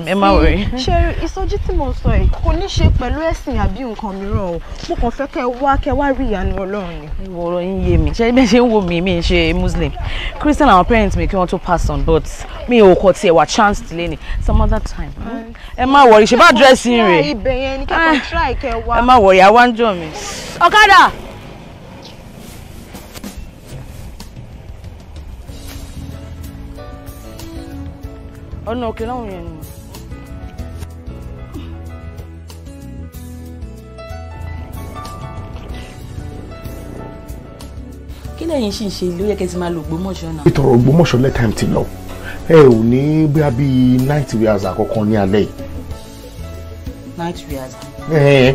ẹ má wọrí. ṣe ìsọjí tí mo sọ yìí kò ní ṣe pẹ̀lú ẹ̀sìn àbí nǹkan mìíràn o mo kàn fẹ́ kẹ́ wá kẹ́ wá rí ìyanu ọlọ́run ni. ìwọ ọ̀rọ̀ yín yé mi ṣe bí ẹ ṣe ń wo mi mi ṣe muslim christian our parents mi kí wọ́n tó pass on but mi ò kọ̀ tiẹ̀ wà chance delay ni some other time. Mm. ẹ má wọrí ṣe bá dressing rè ẹni kẹ́kọ̀ọ́ ah. try kẹ́ wá. ẹ má wọ̀rì àwa ń jọ mi. ọ̀kadà. ọ̀nà òkè náà yẹn nù. kí lẹ́yìn ṣì ń ṣe ló yẹ kẹ́ ti máa lo Ògbómọ̀ṣọ́ náà. ìtọ̀rọ̀ Ògbómọ̀ṣọ́ lẹ́tàìm ti lọ ẹ ò ní bí a bíi night wears ní alẹ́ yìí night rehearsal.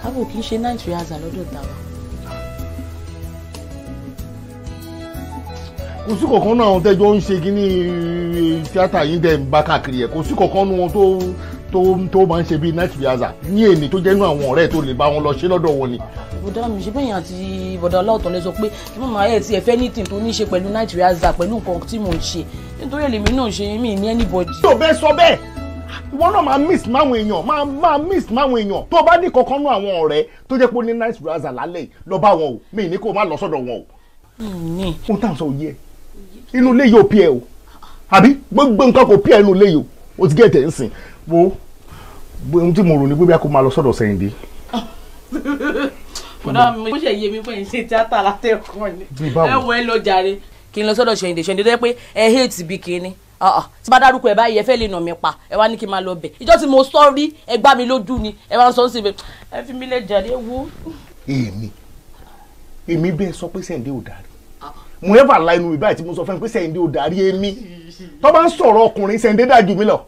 kábò kì í ṣe night rehearsal lọ́dọ̀ tàwa. kò sí kankan náà àwọn tẹ́jọ́ ń ṣe kínní eh, tíátà yìí dẹ̀ ń bá káàkiri ẹ̀ kò sí kankan nu wọn tó tó tó máa ń ṣe bíi night rehearsal ní èní tó jẹ́ inú àwọn ọ̀rẹ́ tó lè bá wọn lọ ṣe lọ́dọ̀ wọn ni. bọ̀dá mi ṣe bẹ́yìn àti bọ̀dá ọlọ́ọ̀tàn lè sọ pé kí mọ̀ máa yẹ ti ẹ̀fẹ́ ní tìǹtò ní ṣe pẹ̀lú night rehearsal pẹ̀lú nǹkan tí mò ń ṣe nítorí èlèmi náà ṣe mí ní anybody. yóò bẹ́ẹ̀ sọ bẹ́ẹ̀ wọn náà máa miss máwọn èèyàn máa máa miss máwọn èèyàn tó o bá ní kankan nú àwọn ọ̀rẹ́ tó jẹ́ pé ní nice razor lálẹ́ lọ bá wọn o mi ní kó o má lọ sọ́dọ̀ wọn o. ó tàn sọ yìí ẹ inú ilé yìí ò pí ẹ o àbí gbogbo nǹkan kò pí ẹ inú ilé yìí o o ti gẹ̀ẹ́tẹ̀ ń sìn wo ohun tí mo rò ní pé bí a kò máa lọ sọ́dọ̀ Sẹ́yìndé. ọ̀dọ́ mi ṣe yé mi pé ń ṣe tíátà látẹ̀kọ́ ni ẹ wọ ẹ lọ jàre kí n lọ sọ́dọ̀ Sẹ́yìndé Sẹ́yìndé tó yẹ hate bí Ah, ah. tí bá dárúkọ ẹ báyìí ẹ fẹ́ lè nà mí pa ẹ wá ní kí n máa lọ bẹ̀ ìjọ tí mo sọ rí ẹ gbá mi lójú ni ẹ wá ń sọ sí mi ẹ fi mi lè jàre wo. èmi èmi bẹ́ẹ̀ sọ pé sẹ́ǹdé ò dárí ah, mo ẹ́ fà la inú ìbáyìí tí mo sọ fún mi pé sẹ́ǹdé ò dárí èmi tó bá ń sọ̀rọ̀ ọkùnrin sẹ́ǹdé dájú mi lọ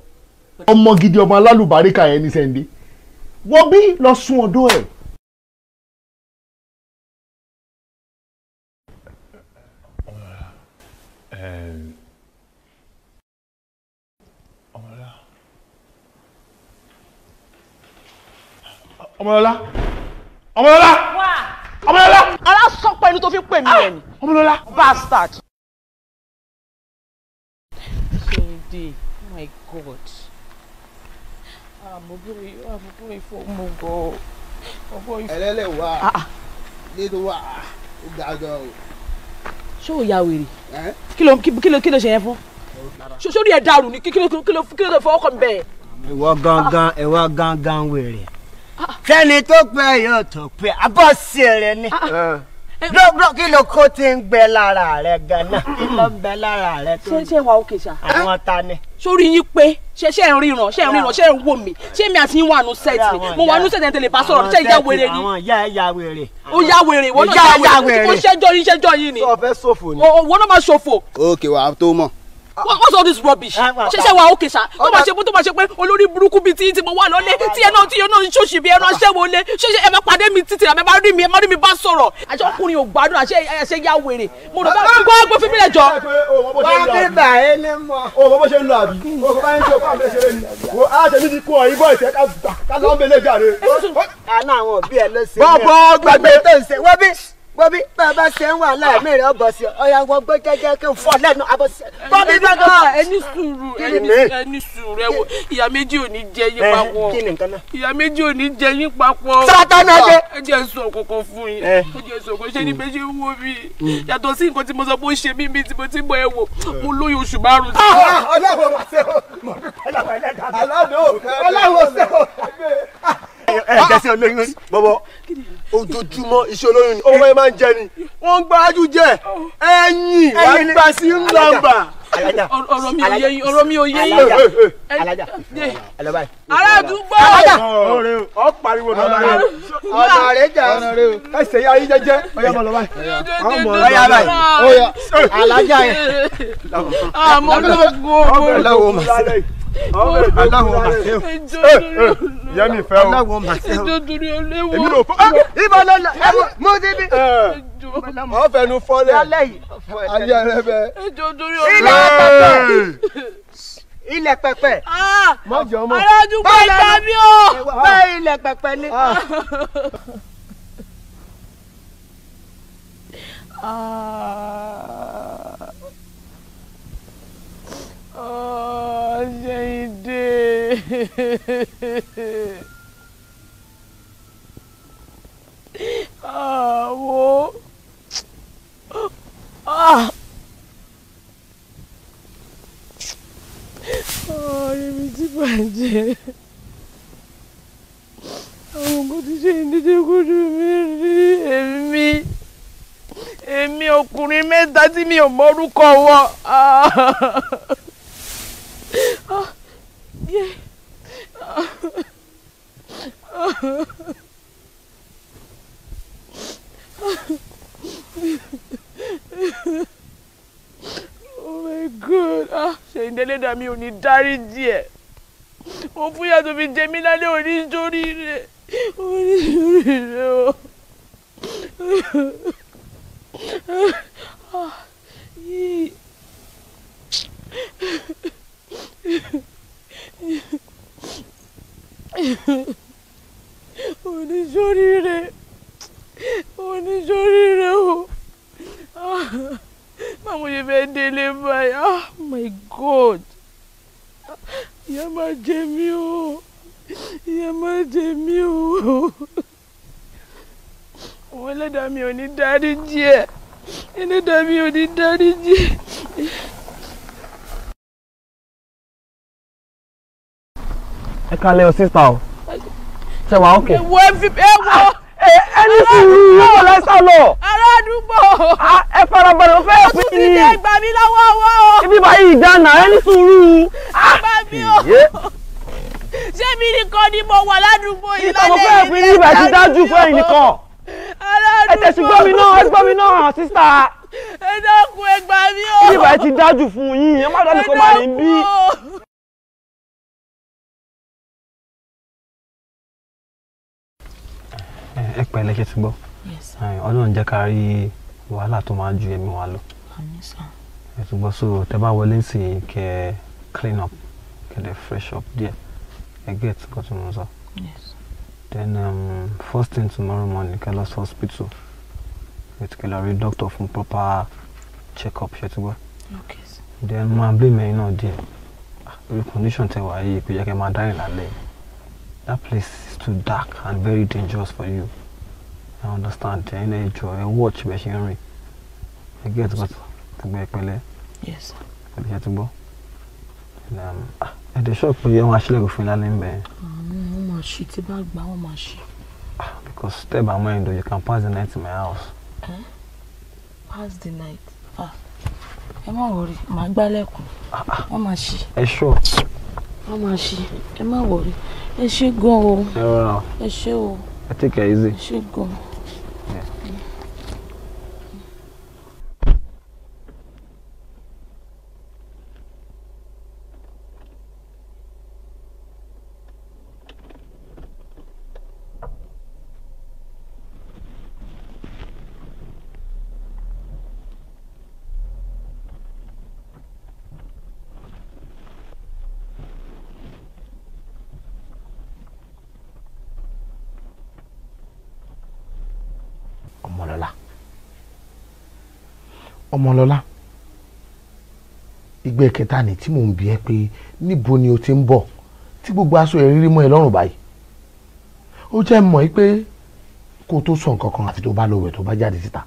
ọmọ gidi ọmọ alálùbáríkà yẹn ni sẹ́ǹdé wọ́n bí lọ sún ọdọ́ ẹ̀ ọmọlọlá ọmọlọlá ọmọlọlá. alásọpọ̀ inú tó fi ń pè mí ah! ẹ̀mí. ọmọlọlá. bastard. Sunday oh my god àmọ́bìrì àmọ́bìrì fọ́ọ̀mù gan-an ọ̀bọ̀ ìfọ́. ẹlẹ́lẹ̀ wà nínú ah, ah. wà ó ga gan-an o. ṣé o ya wèrè kí ló kí ló ṣe yẹn fún sórí ẹ dàrú ni kí ló kí ló fọwọ́ kàn bẹ́ẹ̀. ìwọ gangan ìwọ gangan wèrè sẹ́ni tó pẹ́ yóò tó pẹ́ abọ́sí rẹ ni ah, ah. eh. eh. lọ́gbọ́n kí ló kó ti ń gbẹ lára rẹ gan-an kí ló ń bẹ lára rẹ tó ń ṣe wa òkè ṣá. Eh? àwọn ta ni. sórí yín pé ṣe ṣe ń ríran ṣe ń ríran ṣe ń wò mí ṣé mi àti yín wà nù sẹ́ẹ̀tì mo wà nù sẹ́ẹ̀tì ẹ̀ tẹ̀lé bá sọ̀rọ̀ ṣe ìyá wèrè ni. àwọn ìyá ẹ̀ ya wèrè. ó ya wèrè ìwọ náà ya wèrè ó ṣẹjọ́ yín ṣẹjọ́ yín ni. sọ fẹ́ ṣòfò ni. òwò náà máa ṣòfò. ókè wàá tó mọ̀ what's all this rubbish ṣe ah, ah, ṣe wa okay ṣá tó máa ṣe bó tó máa ṣe pé olórí burúkú bíi tí tí mo wà lọ́lé ah, tí ẹ náà tí ẹ náà ń ṣòṣì bí ẹran ṣẹ́ wọlé ṣe ṣe ẹ máa pàdé mi títì ẹ máa rí mi ẹ máa rí mi bá sọ̀rọ̀ àṣẹ ọkùnrin ò gbádùn àṣẹ àṣẹ ya wèrè mo rò bá gbọ́ gbé fún mi lẹ̀ jọ. dókítà ẹ ní bọ́bí bàbá ṣe ń wà láì mẹ́rin ọ̀bọ̀ sí ọ̀yà wọn gbọ́ jẹ́jẹ́ kí n fọ́ lẹ́nu abọ́sẹ̀. bọ́bí bàbá ẹni sùúrù ẹni sùúrù ẹ wo ìyá méjì ò ní jẹ yín papọ̀ ìyá méjì ò ní jẹ yín papọ̀. sátánà dé. ẹ jẹ́ n sọ kọ̀kọ̀ fún yín ẹ jẹ́ n sọ kọ̀kọ̀ ṣé ni bẹ́ẹ̀ ṣe ń wo mi. yàtọ̀ sí nǹkan tí mo sọ pé ó ṣe mí mi tí mo ti bọ̀ ẹ wò mo lóyún oṣù márùn-ún. ọlọ́run ọ̀sẹ̀ o ẹ kẹsí olóyún rí bọ́bọ́ ojoojúmọ́ iṣẹ́ olóyún ni owó ẹ máa ń jẹ ni wọ́n ń gbájú jẹ ẹ̀yìn wà á gbà sí nọ́mbà. ọ̀rọ̀ mi ò yé yín ọ̀rọ̀ mi ò yé yín. aládùúgbò ọ pariwo náà rẹ ọ̀nà rẹ jà ẹsẹ̀ yá yín jẹ́jẹ́ ọ̀yà mọ̀ lọ́wọ́ ọ̀yà báyìí ọ̀yà alájà yẹn. àmọ́ ló gbogbo aláwọ̀ màṣẹ́ o yẹ́nì fẹ́ o aláwọ̀ màṣẹ́ o èmi ló fọ́ ibà lọ́la ẹ̀wọ̀ mú síbi. wọ́n fẹnu fọ́lẹ̀ ayé rẹ bẹ. ilẹ̀ pẹpẹ ilẹ̀ pẹpẹ. Ah! mọ̀jọ́ mọ̀ alájú pé ìgbà mi o. bẹ́ẹ̀ ilẹ̀ pẹpẹ ni. Ah. ah! Ah, Ṣèyídé. Àwo. Ọ̀rẹ́ mi ti bàjẹ́. Àwọn nǹkan ti ṣe ìdíje kúrò mi rí èmi èmi ọkùnrin mẹ́ta tí mi ò mọ orúkọ Ah díẹ̀. oh my god ah, ṣe ìdẹ́lẹ́dà mi ò ní dárí díẹ̀ mo fúyà tó fi jẹ mí lálẹ́ òní sórí rẹ̀ òní sórí rẹ̀ o. Ah, yìí. oníṣoríire oníṣoríire o ah, báwo ṣe fẹ́ délé báyìí oh my god ìyá máa jẹ mí o ìyá máa jẹ mí o òun ẹlẹ́dàá mi ò ní dáríjì ẹ̀ ẹlẹ́dàá ẹ kalẹ̀ o sísá o ṣe wà ókè. ìwọ fi bẹ́ẹ̀ wọ. ẹni sùúrù yóò lẹ́sà lọ. ará àdúgbò. Ah, ẹ farabalẹ̀ o fẹ́ ẹ̀ pín in. o tún ti dé gbà mí lọ́wọ́ wọ́. ibi báyìí ìdáná ẹni sùúrù. gbà ah, o ṣé mi nìkan ni mo wà ládùúgbò yìí lálẹ́ ilé ìtàn mo fẹ́ ẹ̀ pín in ibà ti dájú fún ẹ̀yin nìkan. ará àdúgbò. ẹ tẹ̀sí gbọ́ mi náà ẹ gbọ́ mi náà sísá ẹ dákun ẹ gbà mí o. ibi ìbàdí ti dájú fún yín ẹ má dájú kó máa ẹ pẹ̀lẹ́ ṣe ti gbọ́ ọlọ́run jẹ́ ká rí wàhálà tó máa ju ẹ̀mí wa lọ ẹ ti gbọ́ so tẹ bá wọlé sí i kẹ clean up kẹ dẹ fresh up díẹ̀ ẹ get nǹkan tó sọ then um, first thing tomorrow morning kẹ lọ sí hospital ẹ ti kẹ lọ rí doctor fún proper check up ṣe ti gbọ́ then máa blame ẹ̀yin náà díẹ̀ ah, rí condition tẹ wà yìí kò máa dárìn lálẹ́ yìí that place is too dark and very dangerous for you i understand and ní ẹjọ ẹ watch bẹ ṣe ń rìn ẹ get but ẹgbẹ ìpínlẹ̀ yes ẹ ṣe ti gbọ́ um, ah, ẹ dẹ ṣọ́ọ̀pù yẹ wọn aṣílẹ̀kùn fún ilá ní bẹ́ẹ̀. wọ́n máa ṣe tí bá gbà wọ́n máa ṣe. Ah, because step by mind o you can pass the night in my house. Eh? pass the night ah ẹ má worried? My gbálẹ̀kùn ah, wọ́n máa ṣe. ẹ sure. wọ́n máa ṣe ẹ má worried? ẹ ṣé gan o ẹ ṣé o ẹ take easy ẹ ṣé gan. ọmọlọ́lá ìgbẹ́ kẹta ni tí mò ń bi ẹ́ pé níbo ni o ti ń bọ̀ tí gbogbo aṣọ ẹ̀ rírí mọ́ ẹ lọ́rùn báyìí ó jẹ́ mọ̀ ẹ́ pé kó tó sọ nǹkan kan àti tó bá lọ wẹ̀ tó bá jáde síta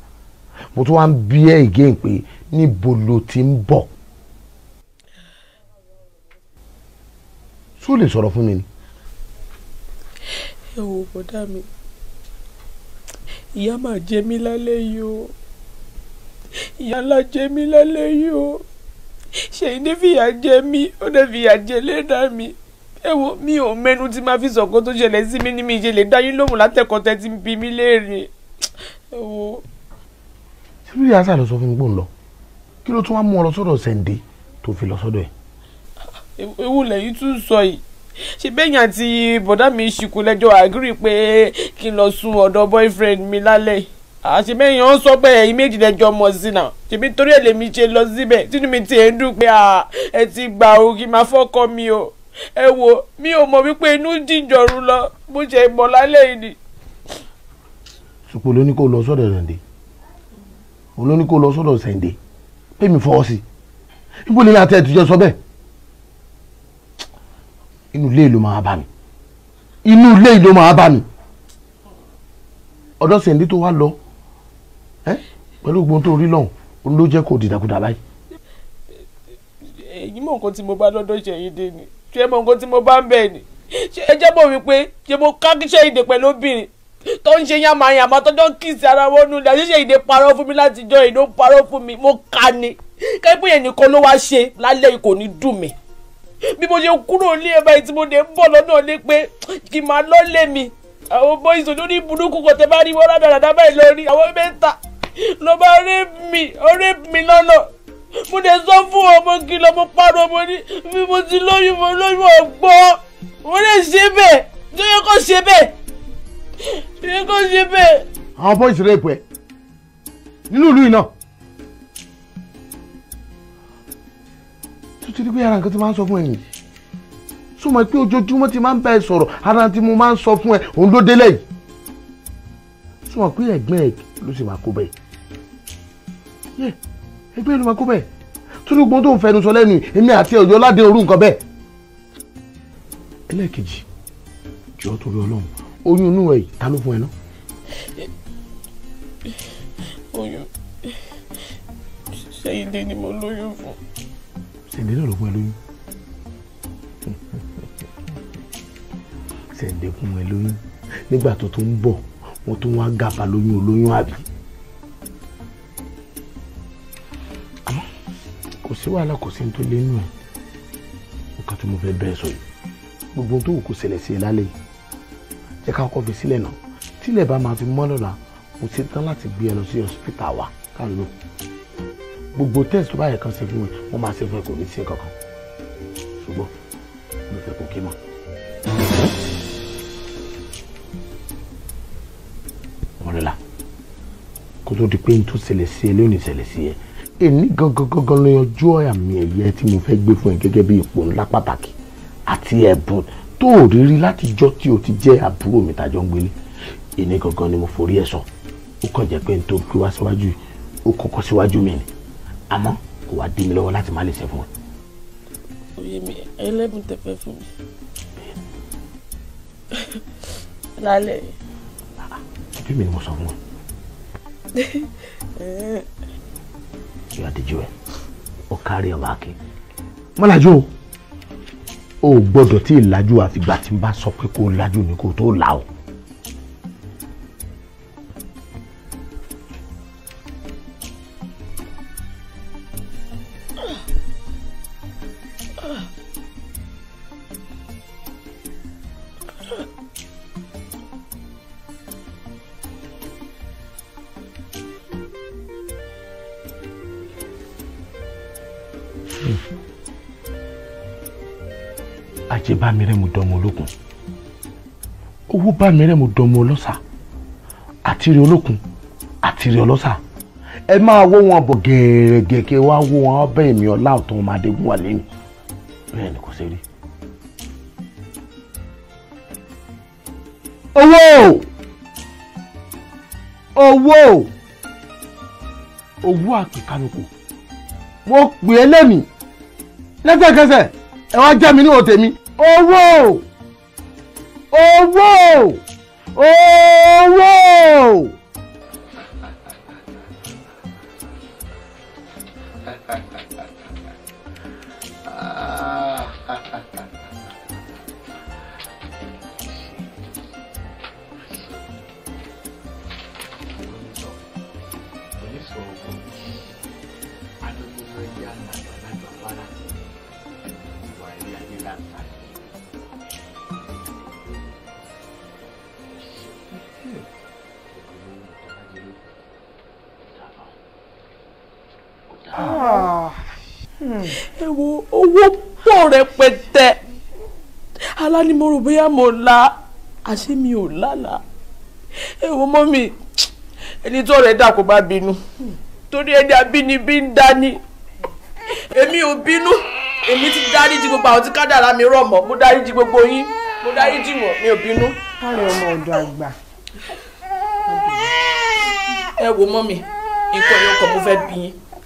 mo tún wá ń bi ẹ́ again pé níbo lo ti ń bọ̀ tó lè sọ̀rọ̀ fún mi ni. ẹ wo bọ̀dá mi ìyá máa jẹ mí lálẹ́ yìí o ìyá ńlá jẹ mí lálẹ́ yìí o ṣèyí ní fìyà jẹ mí ó dẹ̀ fìyà jẹ lẹ́dà mi ẹ wo mi ò mẹ́nu tí máa fi sọ̀kọ́ tó ṣẹlẹ̀ sí mi ní mi ṣe lè dá yín lóhùn látẹ̀kọ́ tẹ́ ti bí mi léèrè ẹ wo. ṣé bí yàtọ̀ lọ sọ fún mi pò ń lọ kí ló tún wá mú ọ lọ sọ́dọ̀ Sẹ́ǹdé tó fi lọ sọ́dọ̀ ẹ̀. ewu lẹ́yìn tún sọ yìí ṣe bẹ́yìn àti bọ̀dá mi ṣìkú lẹ́jọ́ àgírí pé kí n lọ sùn ọ̀dọ̀ boyfriend mi lálẹ́ yìí àṣemẹ́yìn ọ̀hún sọ pé ẹ̀yin méjì lẹ́jọ́ mọ̀ sí náà tèmi torí ẹ̀ lèmi ṣe lọ síbẹ̀ tínú mi ti ẹ̀ ń dùn pé ẹ ti gbà ó kí n máa fọ́kọ mi o ẹ wò mi ò mọ̀ wípé inú jíjọ̀rù lọ mo ṣe ìmọ̀ lálẹ́ yìí ni. ṣùpọ̀ ló ní kó lọ sọ́dọ̀ Sẹ́ńdé òun ló ní kó lọ sọ́dọ̀ Sẹ́ńdé pé mi fọwọ́ sí i ibo nílẹ̀ àti ẹ̀tùjẹ́ sọ bẹ́ẹ̀ inú ilé ló máa bá mi inú ilé ló máa bá mi ọ̀dọ̀ Sẹ́ńdé tó wá lọ ẹ pẹ̀lú gbogbo tó rí lọ́hùn ló jẹ́ kó dìdàkudà báyìí. èyí mọ̀ nǹkan tí mo bá lọ́dọ̀ ṣèyíde ni ṣé mọ̀ nǹkan tí mo bá ń bẹ̀ ni ṣé ẹ jẹ́ mọ̀ wípé ṣé mo ká ṣèyíde pẹ̀lú obìnrin tó ń ṣe yàmàyàmà tọ́jọ́ kìsì ara wọn nulẹ̀ àti ṣèyíde parọ́ fún mi láti jọ èdè ó parọ́ fún mi mo kà ni kẹ́pẹ́ yẹn nìkan ló wá ṣe lálẹ́ yìí kò ní dùn mí bí mo ṣe kúrò ní ẹ̀ báyìí tí mo dé ń bọ̀ lọ́nà lé pé kì máa lọ́lé mi àwọn bóyìí sòdó ní burúkú kò tẹ́ bá rí wọn rádaràdá báyìí lọ rí àwọn mẹ́ta ló bá rape mi ó rape mi lọ́nà mo dẹ̀ sọ fún ọmọ kìlọ̀ mo pariwo mo ní bí mo ti lóyún mo lóyún ọ̀gbọ́n mo lè ṣe bẹ́ẹ̀ tó yẹ kó ṣe bẹ́ẹ̀ tó yẹ kó ṣe bẹ́ẹ̀. àwọn boys rape ẹ nínú ìlú yìí náà tó ti rí pé ara nǹkan tí máa ń sọ fún ẹ nìyí sọ ma pé ojoojúmọ́ ti máa ń bá ẹ sọ̀rọ̀ ara tí mo máa ń sọ fún ẹ òun ló délẹ̀ yìí sọ ma pé ẹ̀gbẹ́ ẹ ló sì máa kó bẹ́ẹ̀ ẹgbẹ́ ìlú máa kó bẹ́ẹ̀ torí gbọ́n tó ń fẹnu sọ lẹ́nu èmi àti ọ̀yọ́ ládé orú nǹkan bẹ́ẹ̀. ẹlẹ́ẹ̀kejì jọ torí ọlọ́run oyún inú ẹ̀ ta ló fún ẹ náà. oyún ṣèyídé ni mo lóyún fún. ṣèyídé náà ló fún ẹ lóyún. ṣèyídé fún ẹ lóyún nígbà tó tún ń bọ̀ wọ́n tún wá gàba lóyún olóyún àbí. kò sí wàhálà kò sí ní tó lé nù ẹ̀ nǹkan tí mo fẹ́ bẹ́ẹ̀ sọ yìí gbogbo tó wù kó ṣẹlẹ̀ sí ẹ lálẹ́ yìí jẹ́ ká kọ́ fi sílẹ̀ náà tílẹ̀ bá máa fi mọ́ lọ́la mo ti tán láti gbé ẹ lọ sí hospital wa ká lò gbogbo test tó bá yẹ kan ṣe fún mi wọ́n máa ṣe fún ẹ kò ní ṣe kankan ṣùgbọ́n mo fẹ́ kó kí mọ́. ọ̀rẹ́la kó tó di pé n tó ṣẹlẹ̀ sí ẹ lónìí ṣẹlẹ̀ sí ẹ èní gangan gangan ló yanjú àmì ẹ̀yẹ tí mo fẹ́ gbé fún ẹ gẹ́gẹ́ bí ipò ńlá pàtàkì àti ẹ̀bùn tó o rírí látijọ́ tí o ti jẹ́ àbúrò mi tàjọ́ ń gbélé èní gangan ni mo forí ẹ̀ sọ ó kàn jẹ́ pé n tó gbé wá síwájú ó kọ́kọ́ síwájú mi ni àmọ́ kò wá dí mi lọ́wọ́ láti má lè ṣe fún ẹ. òye mi ẹlẹ́bùn tẹ fẹ́ fún mi lálẹ́ yìí. ibi mi ni mo sọ fún ẹ. you are the jewel o kárí ọba akin. má lajú o ò gbọ́dọ̀ tí ì lajú àfìgbà tí n bá sọ pé kó lajú ni kó tó bá mi rẹ́ mo dán ọmọ olókun owó bá mi rẹ́ mo dán ọmọ ọlọ́sà àti rí olókun àti rí ọlọ́sà ẹ máa wó wọn bọ̀ gẹ̀ẹ́rẹ́gẹ́ wá wó wọn ọbẹ̀ èmi ọ̀la ọ̀tún ọmọ adégún wà lẹ́yìn bẹ́ẹ̀ ni kò ṣe rí. owó owó owó àpèkánukò mo pè é lẹ́mìí lẹ́sẹ̀kẹsẹ̀ ẹ wá jẹ́ mi ní òtẹ̀mí. Oh whoa! Oh whoa! Oh whoa! ẹ wo owó pọ̀ rẹpẹtẹ alánimọ̀rò bóyá mo la àṣé mi ò lálàá ẹ wo mọ́ mi ẹni tó rẹ̀ dà kó bá bínú torí ẹni abínibí ń dání èmi ò bínú èmi ti dáríjì gbogbo àwọn tí kádàrá mi rọ̀ mọ́ mo dáríjì gbogbo yín mo dáríjì wọ́n mi ò bínú. káàrẹ̀ ọmọ ọ̀dọ̀ àgbà. ẹ wo mọ́ mi nǹkan ẹ̀yọkọ̀ mo fẹ́ bí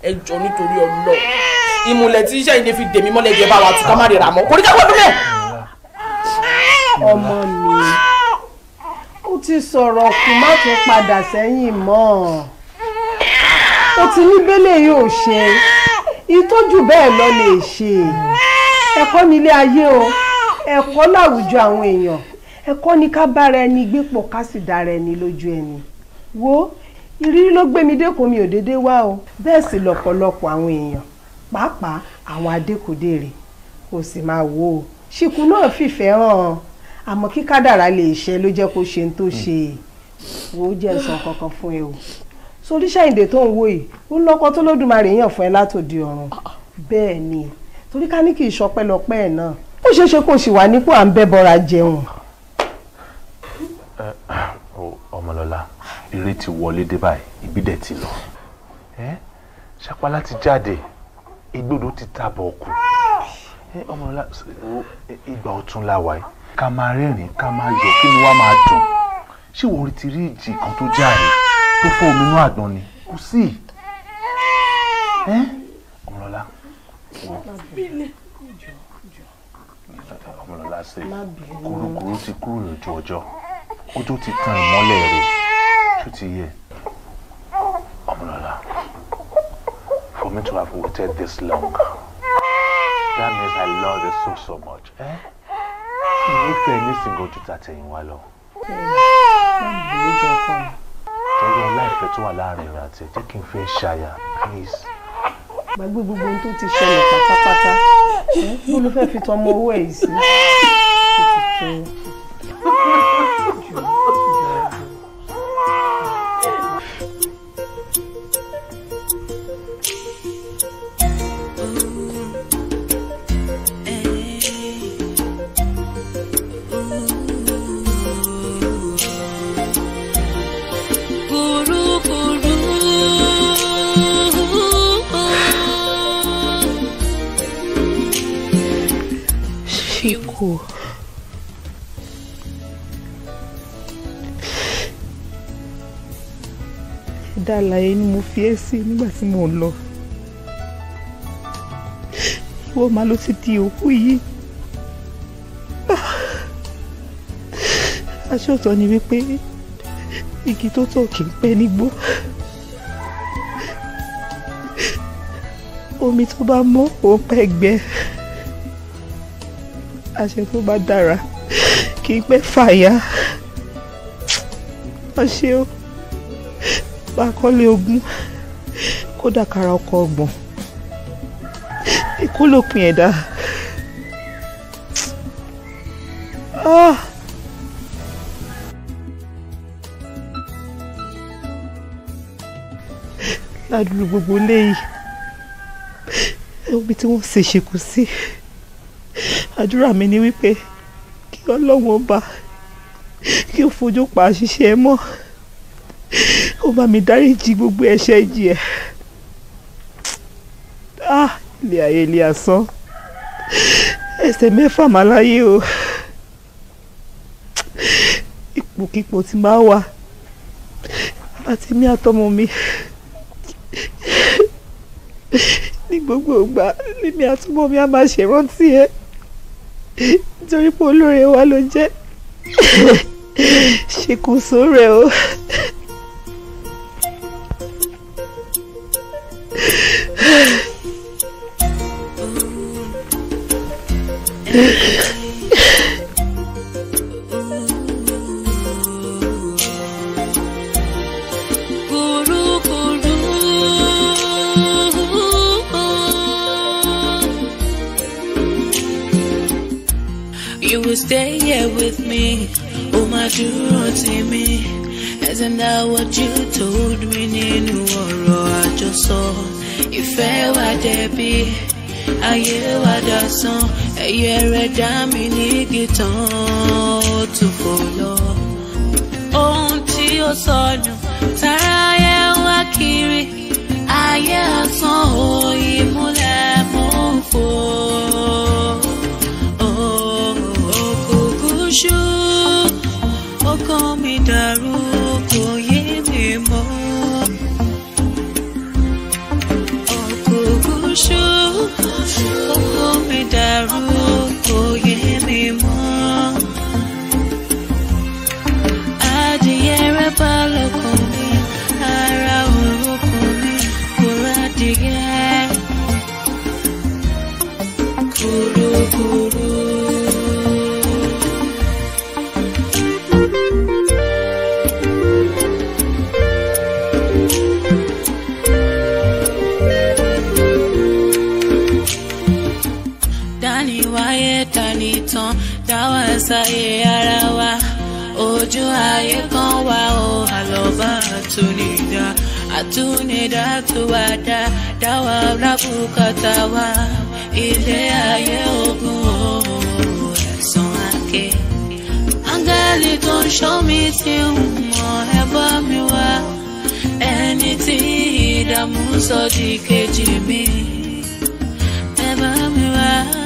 ẹ jọ nítorí Ọlọ́run ìmùlẹ̀ tí iṣẹ́ ìdè fi dè mí mọ́lẹ̀ jẹ́ bá wa tún ká má rí ra mọ́ kò ní ká gbọ́dọ̀ mẹ́. ọmọ mi ó ti sọ̀rọ̀ kù má tún padà sẹ́yìn mọ́ ó ti ní bẹ́lẹ̀ yóò ṣe ìtọ́jú bẹ́ẹ̀ lọ lè ṣe ẹ̀kọ́ nílé ayé o ẹ̀kọ́ láwùjọ àwọn èèyàn ẹ̀kọ́ ni ká bára ẹni gbé pọ̀ ká sì dára ẹni lójú ẹni wo ìrírí ló gbé mi dé kò mi ò déédéé wá o bẹ́ẹ̀ sì lọ́pọ̀lọpọ̀ àwọn èèyàn pàápàá àwọn adékòdèrè kò sì máa wò ó ṣìkú náà fìfẹ́ hàn àmọ́ kí kádàrá lè ṣe ló jẹ́ kó ṣe ń tó ṣe wò ó jẹ́ ǹsàn kankan fún ẹ o sórí ṣàyìndé tó ń wò yìí ó lọ́kọ tó lódùmarè yàn fún ẹ látòdì ọ̀run bẹ́ẹ̀ ni torí ká ní kì í ṣọpẹ́lọpẹ́ ẹ̀ náà ó ṣeé ṣe kó sì wà nípò à ń bẹ́ bọ́ra jẹun. ọmọlọlá eré ti wọlé dé báyìí ibi dẹ̀ ti lọ ṣapá láti jáde igbódò ti tàbọ̀ ọkù ọmọlá ìgbà ọ̀tun la wà yìí ká máa rẹ́rìn-ín ká máa yọ̀ kí ni wàá máa dùn ṣé ìwọ orí ti rí ìjì kan tó járe tó fọ́ omi inú àgbọn ni kò sí ọmọlọ́lá ọmọlọ́lá ṣe kúrúkúrú ti kúrò lójú ọjọ́ ojú ti tan ìmọ́lẹ̀ rẹ̀ tó ti yẹ ọmọlọ́lá me to have waited this long. That means I love you so so much. Ìfẹ́ eh? ní singo ju tàtẹ̀yìnwá lọ. Tọ́jú ọlá ìfẹ́ tó wà láàrin rẹ̀ àti jẹ́ kí n fẹ́ ṣàyà, please. Gbàgbé gbogbo ohun tó ti ṣẹlẹ̀ pátápátá. Eh? Olú fẹ́ fi tọmọ owó ẹ̀ sí. ṣàfiyèsí nígbà tí mò ń lọ ìwọ máa ló ti òkú yìí ah. aṣọ́tọ̀ ni wípé igi tó tọ̀ kì í pẹ́ nígbó omi tó bá mọ́ ò ń pẹ́ gbẹ àṣẹ tó bá dára kì í pẹ́ fàya ọṣẹ́ o bá kọ́lé ogún kódà kára ọkọ ọgbọ̀n ikú ló pin ẹ̀dá. Ah. ládùúgbò gbogbo léyìí omi tí wọ́n sì ṣèkù sí àdúrà mi ni wípé kí ọlọ́run ọba kí ó fojú pa àṣìṣe ẹ mọ́ ó bá mi dáríjì gbogbo ẹ̀ṣẹ̀ jì ẹ ah ilé ayé ilé asán ẹsẹ̀ mẹ́fà má láyé o ipòkípò tí máa wà àti ní àtọmọ mi ní gbogbo ìgbà níbi àtúmọ̀ mi a máa ṣèrántí ẹ nítorí pé olóore wa ló jẹ́ ṣèkùsọ rẹ o. You will stay here with me, oh my see me. Isn't that what you told me? Nínú ọ̀rọ̀ àjọsọ. ìfẹ́ wa dẹ̀bi ayé wa dasán ẹ̀yẹ rẹ̀ dá mi ní gìtàn ó tún kò lọ. ohun tí ó sọnù tara ayé wa kiri ayé asán ò ìmúlẹ̀ mọ́ fò. òkùnkùn ṣú ó kàn dàrú kò yẹ. kókó mi dàrú kò yé mi mọ́ adìyẹ ayé kan wà ó àlọ́bá àtúnidá àtúnidá tó wá dá dáwà lábùkátà wá ilé ayé ogun òòrùn ẹ̀sán àké. áńgẹ́lì tó ń ṣọ́ mi ti ń mọ ẹ mi wá ẹni tí ìdààmú sọ di kejì mi ẹ mi wá.